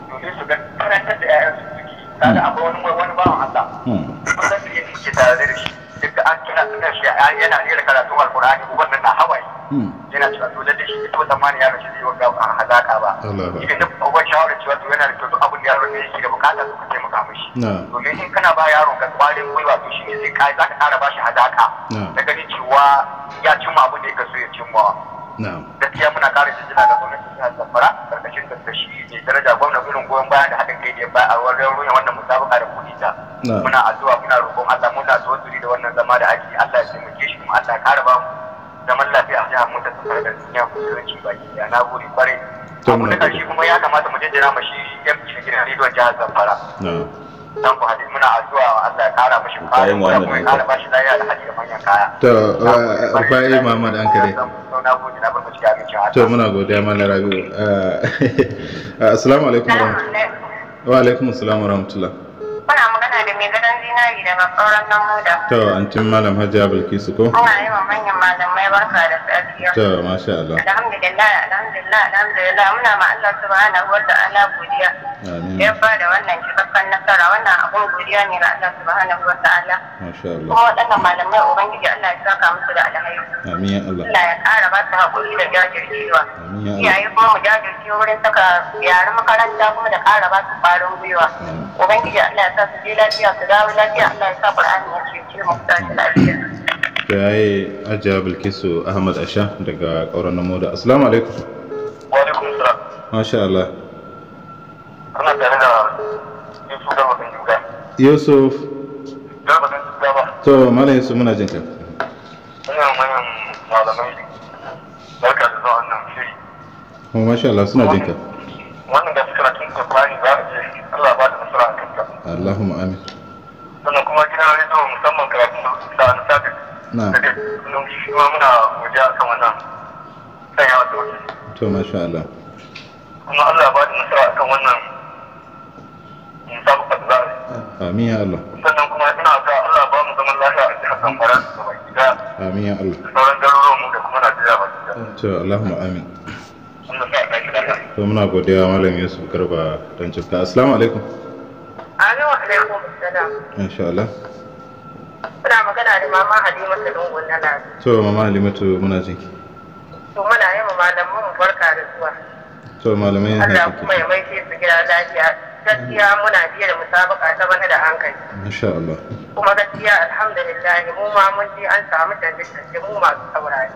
domin su ga karantar da ƴaƴan su suke kaga hmm. akwai wani wani bawan Allah da hmm. yake tare da shi yadda an kira sunan shi yana rera karatun alkur'ani uban na hawaye hmm. yana cewa to lalle shi fito tsammani yaro shi a hazaka ba shi ne cewa to yana da to abin da yaro ne yake da bukata su ka taimaka mishi domin in kana ba yaron ka kwarin gwiwa to shi ne zai kai zaka kara ba shi hazaka da ganin cewa ya cimma abin da ya kaso ya cimma gaskiya muna kara jinjina ga gwamnati jihar zamfara karkashin da shi ne daraja gwamna irin goyon baya da haɗin kai da ya ba a wajen ruwan wannan musabaka da kuɗi ta muna addu'a muna roƙon Allah mu tawassuli da wannan zama da ake Allah ya taimake shi kuma Allah ya kare ba mu zaman lafiya a jihar mu da tsakar da duniya ku yawanci baki da na gode kwarai abu na karshe kuma ya kamata mu jinjina ma shi yamci na gidan rediyon jihar Zamfara dan ku hadin muna addu'a wa Allah ya kara mishi kaya kuma ya kara bashi lafiya da hadi da manyan kaya to akwai uh, uh, Muhammad Ankare na gode na bar to muna godiya mallam Rabi'u uh, assalamu alaikum wa alaikum assalam wa rahmatullah magana da mai gadon zinari daga tsoron nan huda. To, an cin malam Hajiya Bilkisu ko? Ina yi wa manyan malamai barka da safiya. To, masha Allah. Alhamdulillah, alhamdulillah, alhamdulillah. Muna ma Allah subhanahu wa ta'ala godiya. Amin. Ya ba da wannan cikakken nasara, wannan abun godiya ne ga Allah subhanahu wa ta'ala. Masha Allah. Kuma waɗannan malamai Ubangiji Allah ya saka musu da alhayu. Amin ya Allah. Allah ya ƙara ba su haƙuri da jajircewa. Amin ya Allah. Iyaye kuma mu jajirce wurin saka yaran makaranta kuma da ƙara ba su ƙwarin gwiwa. Ubangiji Allah ya sa su je lafiya ka ya ajiya Bilkisu Ahmad Asha daga ƙauran namo da Assalamu alaikum masha Allah kana tare da Yusuf da mutum juga Yusuf to malam Yusuf muna jin ina malamai barka da zuwa wannan shiri oh, masha Allah suna wannan da suka tun kurani za a je Allah ba da nasara a kanta Allahumma amin sannan kuma gidan rediyo musamman karatun da na sabi na da kullum shi ma muna waje akan wannan sanyawa da waje to masha Allah kuma Allah ba da nasara kan wannan musamman da za a amin ya Allah sannan kuma ina ga Allah ba mu zaman lafiya a cikin samfara da baki da amin ya Allah sauran garuruwan mu da kuma Najeriya su da to Allahumma amin to muna godiya malam yusuf garba don cika assalamu alaikum alaikum alaikum magana da mama halimatu dungun na to mama muna ji to muna yi ma barka da zuwa to malamai kuma ya su gida lafiya gaskiya muna biyar da musabaka ta bana da hankali insha Allah kuma gaskiya alhamdulillah mu ma mun ji an samu canje mu masu saurari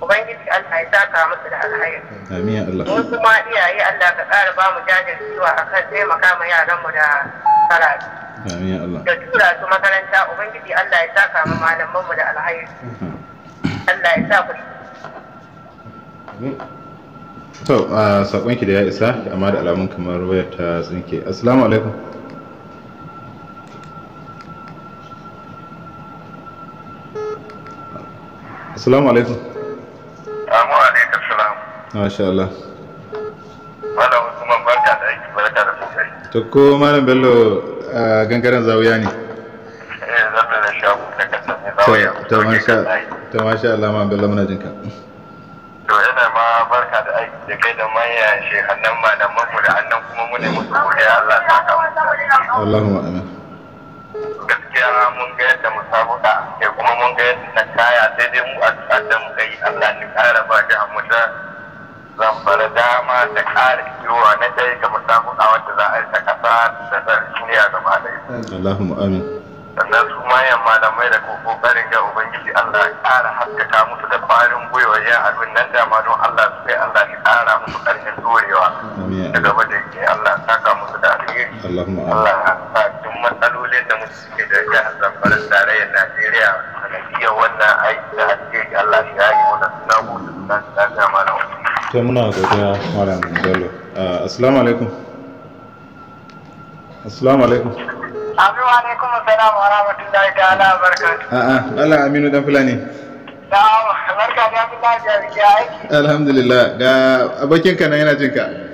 ubangiji Allah ya saka musu da alhaya. amin Allah Mun kuma iyaye Allah ka ƙara ba mu jajircewa kan taimaka ma yaran mu da karatu amin Allah da tura su makaranta ubangiji Allah ya saka mu malaman mu da alhaya. Allah ya sa ku to sakon ki da ya isa amma da alamun kamar wayar ta tsinke assalamu alaikum Assalamu alaikum. Assalamu alaikum salam. Masha Allah. Mala Usman barka da aiki barka da kokari. To ko Malam Bello a gangaren zawiya ne? Eh zata da shago ta kasance zawiya. To masha to Allah Malam Bello muna jinka. To yana ma barka da aiki da kai da manya shehannan malaman mu da annan kuma mu ne musu godiya Allah ya saka Allahumma amin. gaskiya mun ga yadda musabuka ke eh, kuma mun ga yadda kaya sai dai mu addu'a da muka Allah ni kare ba da mu da zambar dama da kara kiwa na dai ga musabuka wanda za a yi ta kasa da ta duniya gaba dai Allahumma amin sannan su mayan malamai da kokarin ga ubangiji Allah ya kara haskaka musu da farin gwiwa ya abin nan ma don Allah su kai Allah ya kare musu karfin dorewa da gaba da yake Allah saka musu da alheri Allahumma amin matsalolin da musu suke da jihar zamfara tarayyar najeriya sanadiyar wannan aiki da haske allah shi ya yi wannan suna gudu suna suna ga na wasu. ta muna godiya malam bello uh, assalamu alaikum assalamu alaikum Aminu alaikum assalamu wa rahmatullahi ta'ala barakatuh. A'a, ah, ah. Allah Aminu dan Fulani. Na'am, barka da Abdullahi ya aiki. Alhamdulillah, ga abokin ka nan yana jinka. ka.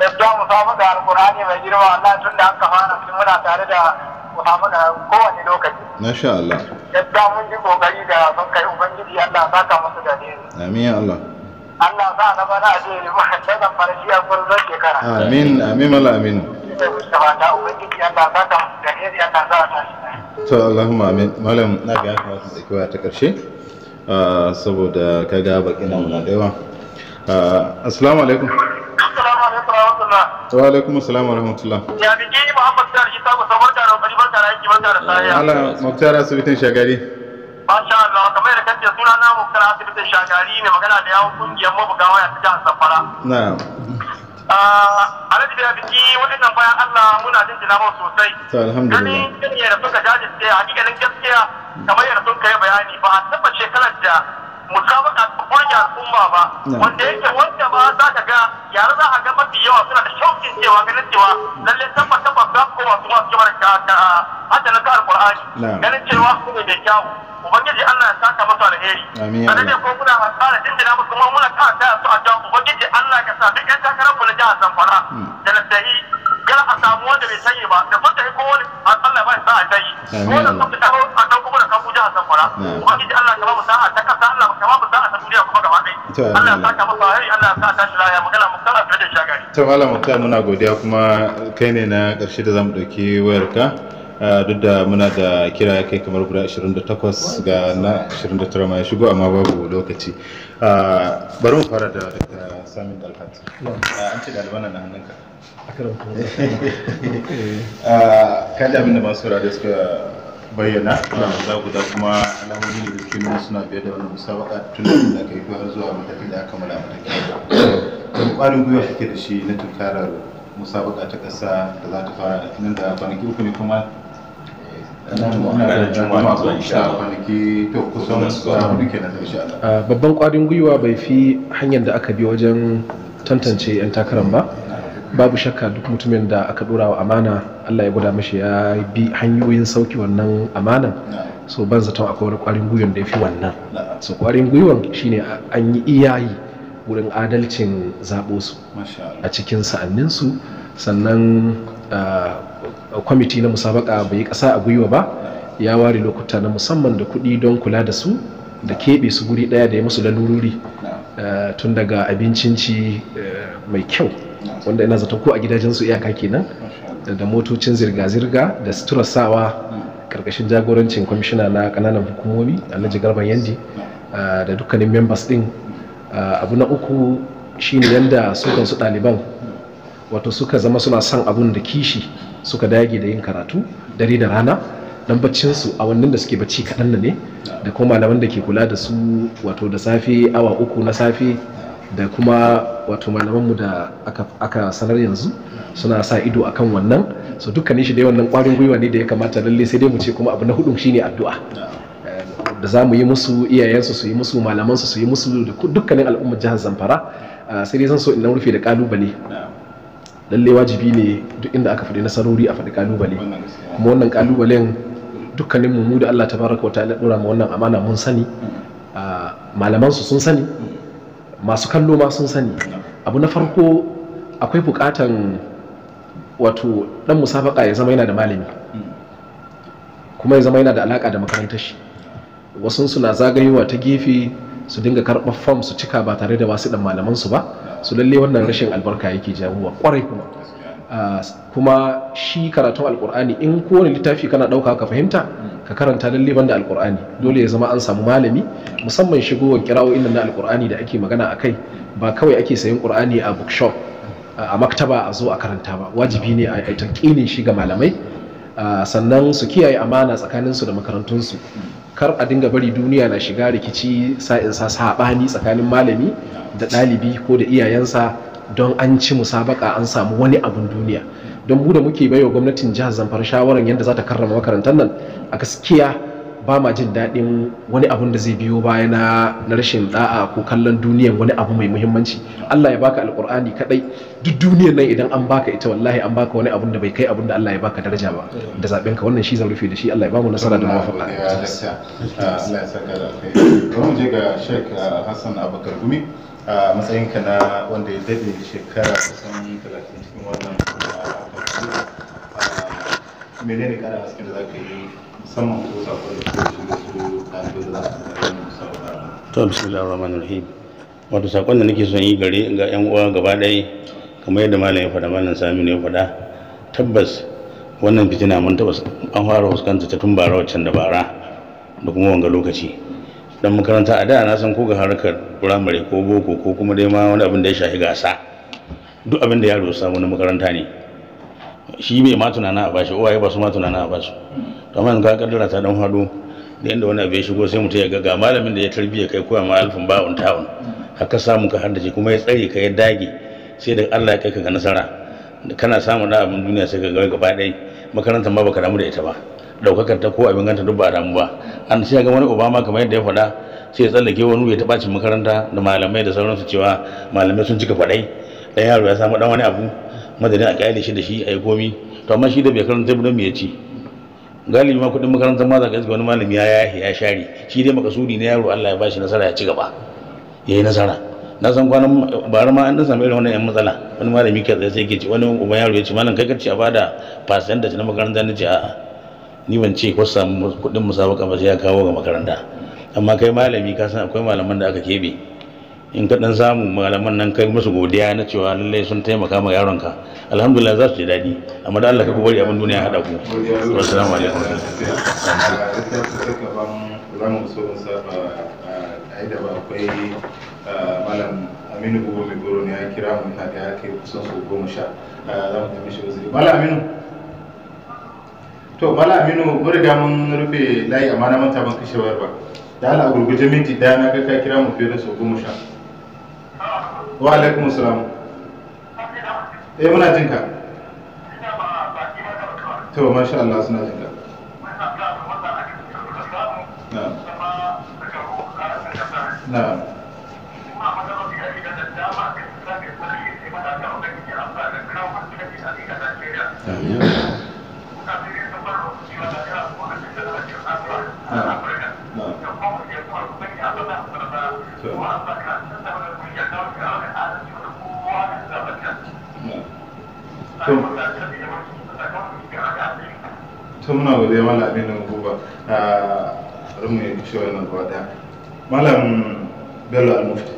gaskiya musabaka alkur'ani mai girma Allah tun da aka fara tun muna tare da musabaka kowane lokaci masha Allah gaskiya mun ji kokari da sun kai ubangiji Allah ka musu da ne. amin ya Allah Allah sa na bana a ne mu haddadan farashi a gurbin shekara amin amin mala amin ta ubangiji Allah saka musu da dare Allah sa ta to Allahumma amin malam na biya ya wasu da ta ƙarshe. Ah, saboda kaga baƙi na muna da yawa Uh, assalamu alaikum assalamu alaikum rahmatullah wa alaikum assalamu rahmatullah ya biki muhammad dar shi ta da rabbi barka da aiki barka da sahiya ala muktar asibitin shagari masha Allah kamar da kace suna na muktar asibitin shagari ne magana da yawon kungiyar mabuga waya ta jihar Zamfara na'am uh, alhaji da biki waɗannan bayan Allah muna jin jina mau sosai alhamdulillah ganin yadda suka a hakikalin gaskiya kamar yadda sun kai bayani ba a taɓa kalar da musabaka gurin al'umma ba wanda yake wanda ba za ta ga yare za a ga mafi yawa suna da shaukin cewa ganin cewa lalle san mata babba ko wasu masu kimar ta ta hadda na kar ganin cewa su ne da kyau ubangiji Allah ya saka masa alheri sanan ne ko kuna hasara din da kuma muna ta ta su a jawo ubangiji Allah ya sa duk yan takarar mu na jihar Zamfara hmm. da na sahi ga a samu wanda bai sani ba da fata wani Allah ba sa a dai wanda suka taho a dan kuma da kabu jihar Zamfara ubangiji Allah ya ba sa'a ta kasa Allah ya mu sa'a ta duniya kuma gaba ɗaya Allah ya masa hari Allah ya sa tashi lafiya magana mu kana da shagari to muna godiya kuma kai ne na ƙarshe da zamu ɗauki wayarka duk da muna da kira kai kamar guda 28 ga na 29 ma ya shigo amma babu lokaci Uh, bari fara da dr samin dalhat uh, an ce ɗaliban nan na hannunka uh, kan abin da masu radio suka bayyana za ku da kuma alamomi da suke nuna suna biyar da wannan musabaka tun da ka yi har zuwa matakin da aka mala matakin kwarin gwiwa suke da shi na tunkarar musabaka ta ƙasa da za ta fara nan da kwanaki uku ne kuma babban kwarin gwiwa bai fi hanyar da aka bi wajen tantance 'yan takarar ba babu shakka duk mutumin da aka dora wa amana allah ya guda mashi ya bi hanyoyin sauki wannan amanan so ban zaton akwai wani kwarin gwiwan da ya fi wannan so kwarin gwiwan shine an yi iyayi wurin adalcin zaɓo su a cikin sa'anninsu sannan kwamiti na musabaka bai kasa a gwiwa ba ya ware lokuta na musamman da kuɗi don kula da su da keɓe su guri ɗaya da ya musu lalururi eh, tun daga abincinci eh, mai kyau wanda ina zata ko a gidajen su iyaka kenan da motocin zirga-zirga da sutura sawa karkashin jagorancin kwamishina na kananan hukumomi alhaji garban yanji eh, da dukkanin members din abu na uku shine yadda su ɗaliban wato suka zama suna son abun da kishi suka dage da yin karatu dare da rana dan baccinsu a wannan da suke bacci kaɗan ne da kuma malaman da ke kula da su wato da safe awa uku na safe da kuma wato malamanmu da aka sanar yanzu suna sa ido a kan wannan so dukkanin shi dai wannan ƙwarin gwiwa ne da ya kamata lalle sai dai mu ce kuma abu na hudun shine addu'a da za mu yi musu iyayensu su yi musu malamansu su yi musu da dukkanin al'ummar jihar zamfara ah, sai dai zan so in rufe da ƙalubale. Lallai wajibi ne duk inda aka faɗi nasarori a faɗi kalubale kuma wannan kalubalen dukkanin mu da Allah tabaraka wa ta'ala dora ma wannan amana mun sani ah, malaman su sun sani masu kallo ma sun sani abu na farko akwai bukatan wato dan musabaka ya zama yana da malami kuma ya zama yana da alaka da makarantar shi wasu suna zagayowa ta gefe su dinga karɓar fom su cika ba tare da wasu ɗan malaman su ba su lalle wannan rashin albarka yake jawowa kwarai kuma ah, kuma shi karatun alkur'ani in kowane littafi kana ɗauka ka fahimta ka karanta lalle banda alƙur'ani dole ya zama an samu malami musamman shigowar kirawo inda na alkur'ani da ake magana a kai ba kawai ake sayan ƙur'ani a bookshop a maktaba a zo a karanta ba wajibi ne a ƙinin shi ga malamai ah, sannan su kiyaye amana tsakaninsu da makarantunsu kar a dinga bari duniya na shiga rikici sa'insa saɓani tsakanin malami da ɗalibi ko da iyayensa don an ci musabaka an samu wani abun duniya don mu da muke baiwa gwamnatin jihar zamfara shawarar yadda za ta karrama makarantar nan a gaskiya ba ma jin daɗin wani abun da zai biyo baya na rashin da'a ko kallon duniyan wani abu mai muhimmanci Allah ya baka alkur'ani kadai duk duniyan nan idan an baka ita wallahi an baka wani abun da bai kai abun da Allah ya baka daraja ba da zaben ka wannan shi zan rufe da shi Allah ya ba mu nasara da mafaka Allah ya saka da kai bari je ga Sheikh uh, Hassan Abubakar Gumi a uh, matsayin ka na wanda ya dade shekara kusan 30 cikin wannan uh, menene kada haske da zaka yi musamman ko sakon da ke wato sakon da nake son yi gare ga yan uwa gaba ɗaya kamar yadda malam ya faɗa malam sami ne ya faɗa tabbas wannan fitina mun taɓa an fara fuskanta ta tun bara waccan da bara da kuma wanga lokaci dan makaranta a da na san ko ga harkar firamare ko boko ko kuma dai ma wani abin da ya shafi gasa duk abin da yaro samu na makaranta ne shi bai ma tunana a bashi uwaye ba su ma tunana a basu to amma ga kaddara ta dan hado da inda wani abu ya shigo sai mutum ya ga ga malamin da ya tarbiyya kai koya ma alfin ba'un ta'un haka samu ka haddace kuma ya tsare ka ya dage sai da Allah ya kai ka ga nasara kana samu da abin duniya sai ka ga gaba ɗaya makarantar ma baka damu da ita ba daukakar ta ko abin ganta duk ba damu ba an sai ga wani obama kamar yadda ya faɗa sai ya tsallake wani ya taɓa cin makaranta da malamai da sauransu cewa malamai sun cika faɗai dan yaro ya samu dan wani abu madadin a kyale shi da shi a yi komi to amma shi da bai karanta ba me ya ci galibi ma kuɗin makarantar ma za ka wani malami ya yahi ya share shi dai makasudi na yaro Allah ya ba nasara ya ci gaba ya yi nasara na san kwanan bara ma an dan samu irin wannan yan matsala wani malami ka tsaye sai ke ci wani uba yaro ya ce malam kai kace a bada percentage na makaranta na ce a ni ban ce ko samu kuɗin musabaka ba sai ya kawo ga makaranta amma kai malami ka san akwai malaman da aka keɓe in ka dan samu malaman nan kai musu godiya na cewa lallai sun taimaka ma yaronka alhamdulillah za su ji dadi amma da Allah ka bari abin duniya hada ku assalamu alaikum ramu so sun ba da kai malam aminu gobe mai goro ne ya kira mu ta ga kai kusan su goma sha za mu tafi shi wasu malam aminu to malam aminu mun riga mun rufe layi amma na manta ban kashewar ba da Allah gurguje minti daya na ga ka kira mu fiye da su goma sha wa alaikum salam E, eh, muna jin ka to masha Allah suna jin Na. na'am to muna godiya malam aminu guba a rumu ya kushe wannan gaba daya malam bello al-mufti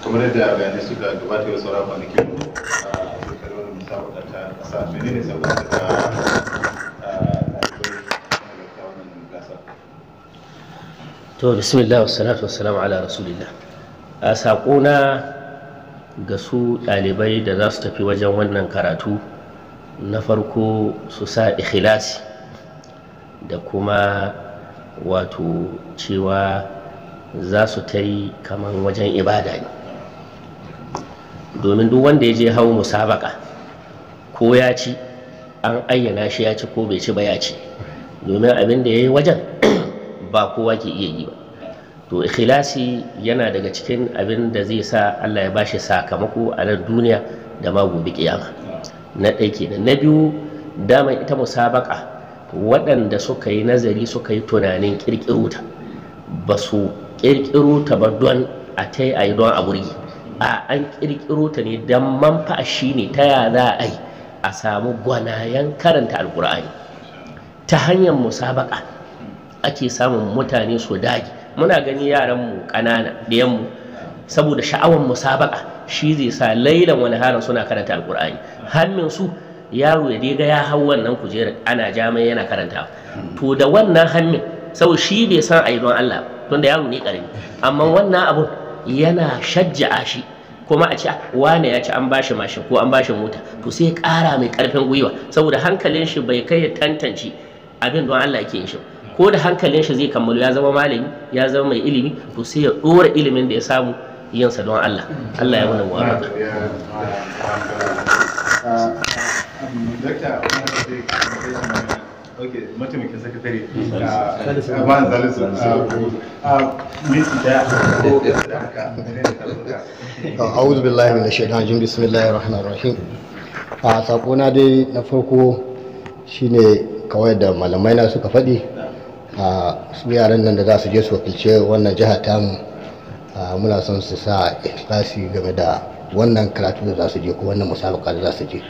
kamar yadda a bayanai su ga gabata yau sauran kwanaki a shekarun musabaka ta kasa ne sabon da ta to bismillah wassalatu wassalamu ala rasulillah a saƙona ga su ɗalibai da za su tafi wajen wannan karatu na farko su sa ikhilasi da kuma wato cewa za su ta yi kamar wajen ibada ne domin duk wanda ya je hau musabaka ko ya ci an ayyana shi ya ci ko bai ci ba ya ci domin abin da ya yi wajen ba kowa ke iya yi ba to ikhilasi yana daga cikin abin da zai sa allah ya bashi sakamako a nan duniya da ma kiyama na ɗaya kenan na biyu damar ita musabaka waɗanda suka yi nazari suka yi tunanin ƙirƙiro ta ba su ƙirƙiro ta ba don a ta yi a yi don a burgi a an ƙirƙiro ta ne don manfa'a shi ne ta ya za a yi a samu gwanayen karanta alƙur'ani ta hanyar musabaka ake samun mutane su dage muna gani yaranmu ƙanana ɗayanmu saboda sha'awar musabaka shi zai sa lailan wani halin suna karanta alkur'ani hannun su yaro ya dai ga ya hau wannan kujerar ana jami'a yana karanta to da wannan hannun sau shi bai san a don Allah tunda yaro ne karami amma wannan abun yana shajja'a shi kuma a ce ah, wane ya ci an bashi mashin ko an bashi mota to sai ya ƙara mai ƙarfin gwiwa saboda hankalin shi bai kai ya tantance abin don Allah yake yin shi ko da hankalin shi zai kammalu ya zama malami ya zama mai ilimi to sai ya ɗora ilimin da ya samu yin sa don Allah Allah ya wani mu'amala Okay, a ban zalisu a auzu billahi min shaitan rajim bismillahir rahmanir rahim a sakona dai na farko shine kawai da malamai na suka faɗi a su yaran nan da za su je su wakilce wannan jihar tamu Ah, muna son su sa ikhlasi game da wannan karatu da za su je ko wannan musabaka da za su je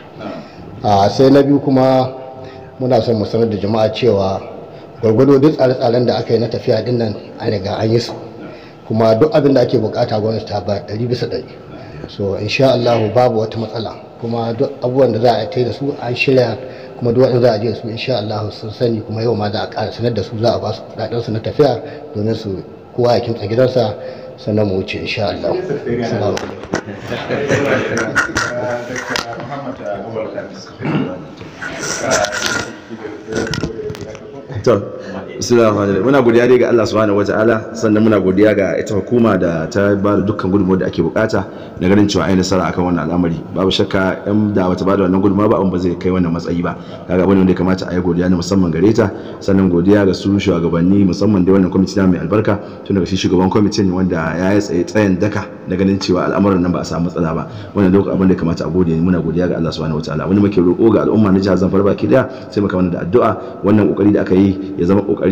ah, sai na biyu kuma muna son mu sanar da jama'a cewa gwargwado duk tsare-tsaren da aka yi na tafiya din nan an riga an yi su kuma duk abin da ake bukata gwamnati ta ba ɗari bisa ɗari so insha Allah babu wata matsala kuma duk abubuwan da za a yi da su an shirya kuma duk wadanda za a je su insha Allah sun sani kuma yau ma za a ƙara sanar da su za a ba su kuɗaɗen su na tafiya domin su kowa ya kimtsa gidansa سنموتي ان شاء الله يعني؟ سلام آه، آه، محمد muna godiya dai ga Allah subhanahu wataala sannan muna godiya ga ita hukuma da ta ba da dukkan gudunmawar da ake bukata na ganin cewa ai nasara akan wannan al'amari babu shakka yan da wata ba da wannan gudunmawa ba abin ba zai kai wannan matsayi ba kaga abin da ya kamata a yi godiya ne musamman gare ta sannan godiya ga su shugabanni musamman da wannan kwamiti mai albarka tun daga shi shugaban kwamitin wanda ya yi tsaye tsayen daka na ganin cewa al'amuran nan ba a samu matsala ba wannan duk abin da ya kamata a gode muna godiya ga Allah subhanahu wataala wani muke roƙo ga al'umma na jihar Zamfara baki daya sai muka kamar da addu'a wannan kokari da aka yi ya zama kokari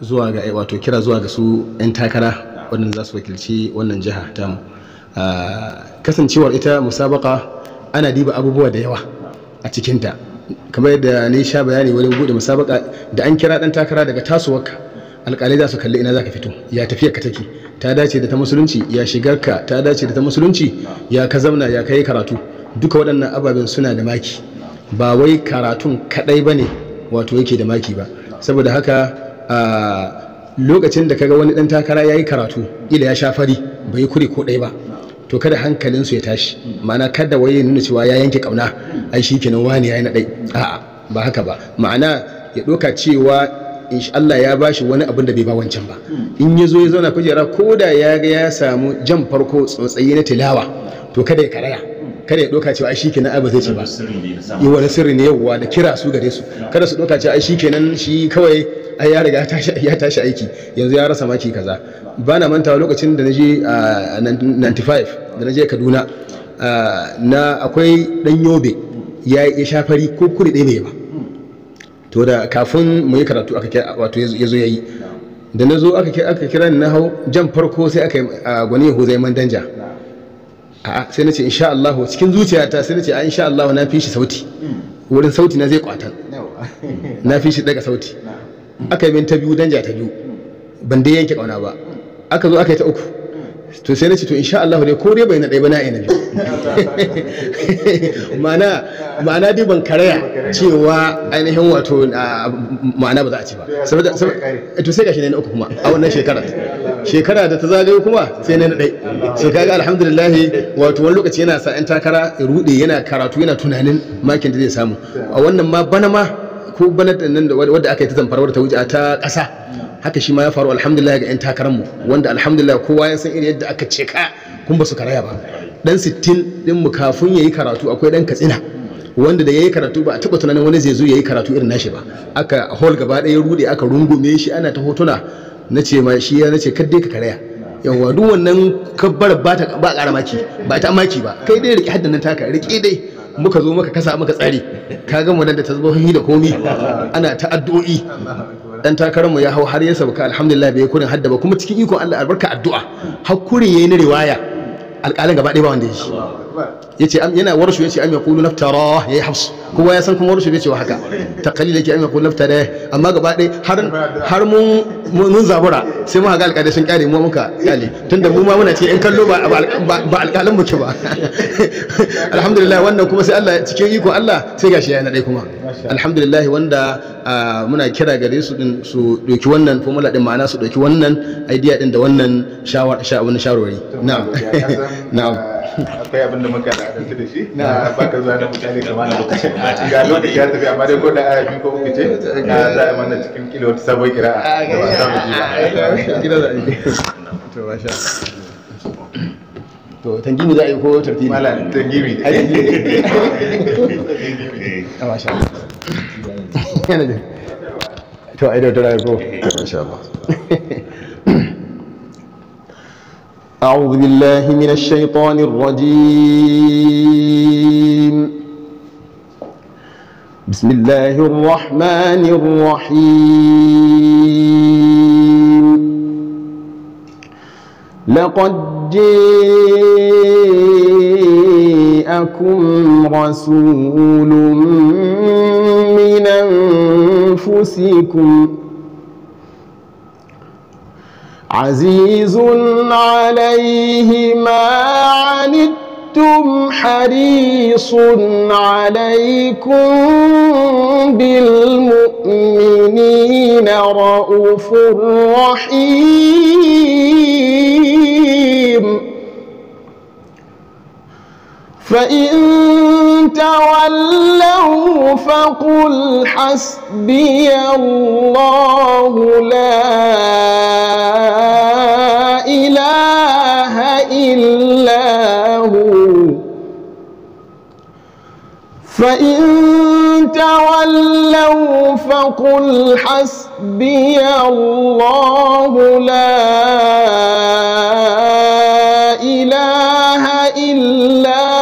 zuwa ga eh, wato kira zuwa ga su 'yan takara wannan za su wakilci wannan jiha tamu ah, kasancewar ita musabaka ana diba abubuwa da yawa a cikinta kamar yadda ni sha bayani wurin bude musabaka da an kira ɗan takara daga tasowarka alƙalai za su kalli ina za ka fito ya tafiya ka take ta dace da ta musulunci ya shigar ka ta dace da ta musulunci ya ka zamna ya kai karatu duka waɗannan ababen suna da maki ba wai karatun kaɗai ba ne wato yake da maki ba saboda haka lokacin da kaga wani dan takara yayi karatu ila ya sha fari bai kure ko ɗaya ba to kada hankalin su ya tashi ma'ana kada wai ya nuna cewa ya yanke kauna ai shikenan wani yayi na dai a'a ba haka ba ma'ana ya ɗauka cewa Allah ya bashi wani abin da bai ba wancan ba in ya zo ya zauna kujera koda ya ga ya samu jan farko tsotsayi na tilawa to kada ya karaya kada ya doka cewa ai shikenan ai ba zai ci ba yi wani sirri ne yawwa da kira su gare su kada su doka cewa ai shikenan shi kawai ai ya riga ya tashi aiki yanzu ya rasa maki kaza ba na mantawa lokacin da na je 95 da na je Kaduna na akwai dan yobe ya sha shafari ko kuri ɗaya bai ba to da kafin mu yi karatu aka kira wato ya zo ya yi da na zo aka kira ni na hau jan farko sai aka yi gwani yahu zai man danja a'a sai na ce insha Allah cikin zuciyata sai na ce a insha Allah na fi shi sauti hmm. wurin sauti na zai kwatan na fi shi daga sauti aka yi min ta biyu danja ta biyu hmm. ban dai yanke kauna ba hmm. aka zo aka yi ta uku to sai na ce to insha Allah dai ko dai bai na ɗaya ba na yi na biyu ma'ana ma'ana dai ban karaya cewa ainihin wato ma'ana ba za a ci ba to sai gashi ne na uku kuma a wannan shekarar shekara da ta zagayo kuma sai na naɗai. sai kaga alhamdulillah wato wani lokaci yana sa 'yan takara rude yana karatu yana tunanin makin da zai samu a wannan ma bana ma ko bana da nan wadda aka yi ta zamfara ta wuce a ta kasa. haka shi ma ya faru alhamdulillah ga 'yan mu wanda alhamdulillah kowa ya san irin yadda aka ce ka kun ba su karaya ba dan 60 din mu kafin yayi karatu akwai dan katsina wanda da ya karatu ba a taba tunanin wani zai zo ya yi karatu irin nashi ba aka hall gaba ɗaya rude aka rungume shi ana ta hotuna na ce ma shi ya na ce kaddai ka karaya yawwa duk wannan kabbar ba ta ba ƙara maki ba ta maki ba kai dai riƙe haddan nan taka riƙe dai muka zo muka kasa muka tsare ka ga wannan da tasbihi da komi ana ta addu'o'i dan takarar mu ya hau har ya sabuka alhamdulillah bai kurin hadda ba kuma cikin iko Allah albarka addu'a har kurin yayi na riwaya alƙalin gaba ɗaya ba wanda ya yace am yana warshu yace am yaqulu naftara yayi hafs kowa ya san kuma warshu bai wa haka taqlil yake am yaqulu naftara amma gaba dai har har mun mun zabura sai mu ga alƙalai sun ƙare mu muka kyale tunda mu ma muna cikin in kallo ba ba alƙalan muke ba alhamdulillah wannan kuma sai Allah cikin iko Allah sai gashi yana dai kuma alhamdulillah wanda muna kira gare su din su doki wannan formula din ma'ana su doki wannan idea din da wannan shawar shawarwari na'am na'am akwai abin da muka al'adantu da shi na ah. baka zuwa da mutane kama na lokaci ah, ga lokaci ya tafi amma dai ko da aya biyu ko uku ce ah, ga za a mana cikin kilo ta sabon kira a da ba samu ji to tangimi za a yi ko tartibi mala tangimi a tangimi a masha Allah to ai da tura ko masha Allah أعوذ بالله من الشيطان الرجيم بسم الله الرحمن الرحيم لقد جاءكم رسول من أنفسكم عزيز عليه ما عنتم حريص عليكم بالمؤمنين رؤوف رحيم فإن تولوا فقل حسبي الله لا إله إلا هو فإن تولوا فقل حسبي الله لا إله إلا هو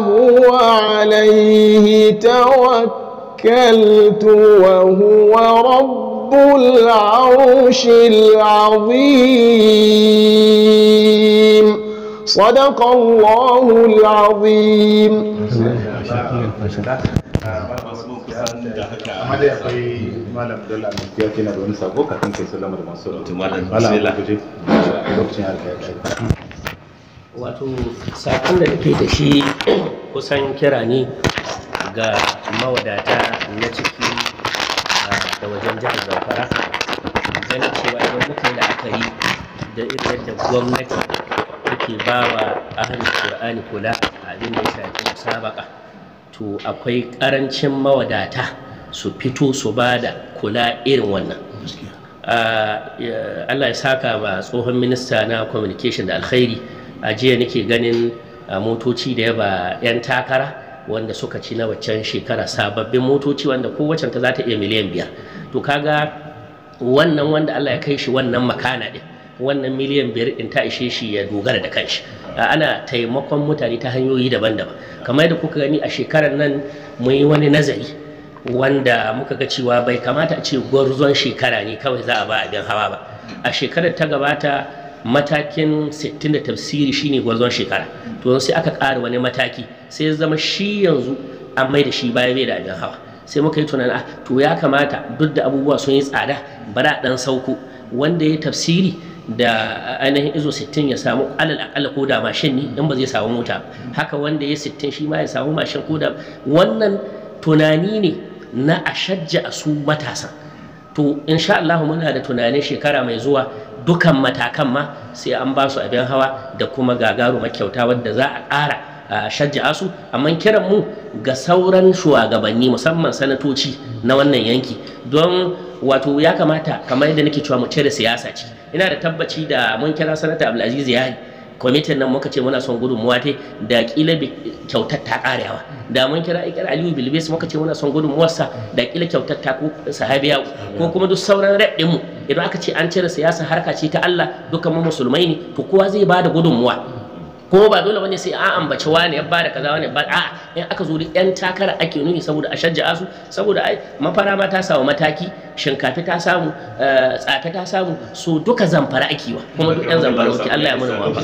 هو عليه توكلت وهو رب العرش العظيم صدق الله العظيم wato sakon da take da shi kusan kira ne ga mawadata na ciki da ah, wajen jihar zamfara ganin cewa idan muka yi la'akari da irin yadda gwamnati take ba wa ahalin qur'ani kula a abin da ya shafi musabaka to akwai karancin mawadata su fito su ba da kula irin wannan ah, Allah ya saka ma tsohon minista na communication da alkhairi a jiya nake ganin motoci da yaba 'yan takara wanda suka ci na waccan shekara sababbin motoci wanda waccan ta za ta iya miliyan biyar to kaga wannan wanda Allah ya kai shi wannan makana din wannan miliyan biyar in ta ishe shi ya dogara da kanshi ana taimakon mutane ta hanyoyi daban-daban kamar da kuka gani a shekarar nan mun yi wani nazari wanda muka ga cewa bai kamata a ce gwarzon shekara ne kawai za a ba abin hawa ba a shekarar ta gabata matakin sittin da tafsiri shine gwarzon shekara to sai aka ƙara wani mataki sai ya zama shi yanzu an mai da shi baya bai da abin hawa sai muka yi tunanin ah to ya kamata duk da abubuwa sun yi tsada bara dan sauko wanda ya tafsiri da ainihin izo sittin ya samu alal akalla ko da mashin ne in ba zai samu mota haka wanda ya sittin, shi ma ya samu mashin ko da wannan tunani ne na a shajja a su matasa to insha Allah muna da tunanin shekara mai zuwa dukan matakan ma sai an ba su abin hawa da kuma gagaru kyauta wadda za a ƙara a shajja'a su amma kiran mu ga sauran shugabanni musamman sanatoci na wannan yanki don wato ya kamata kamar yadda nake cewa mu cire siyasa ce ina da tabbaci da mun kira sanata abdulaziz yari kwamitin nan muka ce muna son gudunmuwa ta da kila kyautar ta karewa da mun kira ikar aliyu bilbis muka ce muna son gudunmuwarsa da kila kyautar ta sahabiya ko kuma duk sauran raɗin mu idan aka ce an cire siyasa harka ce ta Allah dukkan mu musulmai ne to kowa zai bada gudunmuwa ko ba dole wani sai a ambaci wani ya bada kaza wani ba a in aka zo da yan takara ake nuni saboda a shajja su saboda ai mafara ma ta samu mataki shinkafi ta samu eh, tsaka ta samu so duka zamfara ake wa kuma duk yan zamfara ake Allah ya mana wa ba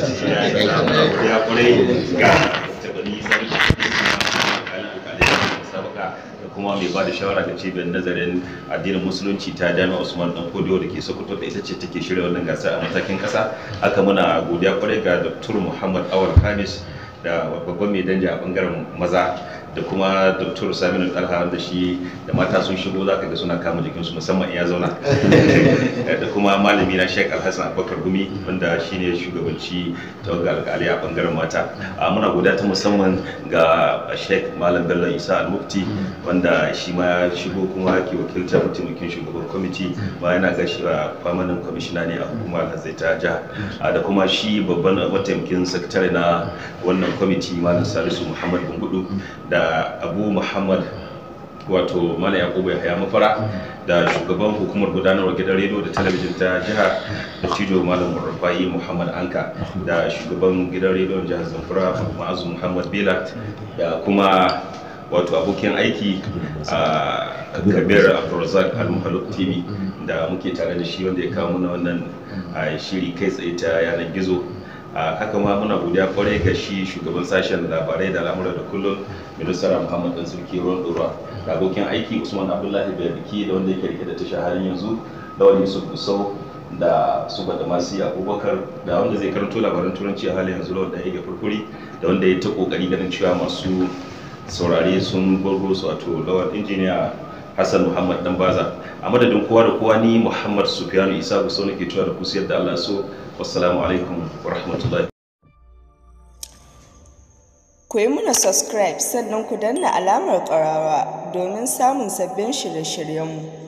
da kuma mai ba da shawara ga cibiyar nazarin addinin musulunci ta jami'a usman dan kodiyo da ke sokoto da ita ce take shirya wannan gasa a matakin kasa haka muna godiya kwarai ga dr muhammad awar kamis da babban mai danja a bangaren maza da kuma dr saminu ɗalha da shi da mata sun shigo za ka ga suna kama jikinsu musamman ya zauna da kuma malami na sheik alhassan abubakar gumi wanda shine shugabanci wanga alkali a bangaren mata a muna guda ta musamman ga sheik malam bello isa almufti wanda shi ma ya shigo kuma ke wakiltar mataimakin shugaban kwamiti ba yana ga shi kwamanin kwamishina ne a hukumar ta jiha da kuma shi babban mataimakin sakatare na wannan kwamiti malam salisu muhammad bungudu da abu muhammad wato mala yakubu yahaya mafara da shugaban hukumar gudanarwar gidan rediyo da talabijin ta jihar da cijo malam rufai muhammad anka da shugaban gidan rediyon jihar zamfara ma'azu muhammad belat da kuma wato abokin aiki a kabir abdulrazak al muhallu tv da muke tare da shi wanda ya kawo mana wannan shiri kai tsaye ta yanar gizo haka ma muna godiya kwarai ga shi shugaban sashen labarai da al'amura da kullum ministan muhammad dan sarki ruwan dora da abokin aiki usman abdullahi biki da wanda yake rike da tasha har yanzu wani yusuf gusau da su da masu abubakar da wanda zai karanto labaran turanci a halin yanzu lawal da ya furfuri da wanda ya ta kokari ganin cewa masu saurare sun gwargo su wato lawan injiniya hassan muhammad dan baza a madadin kowa da kowa ni muhammad sufiyanu isa gusau nake tura da kusiyar da allah so wassalamu alaikum wa rahmatullahi ku yi muna subscribe sannan ku danna alamar ƙarawa domin samun sabbin shirye-shiryenmu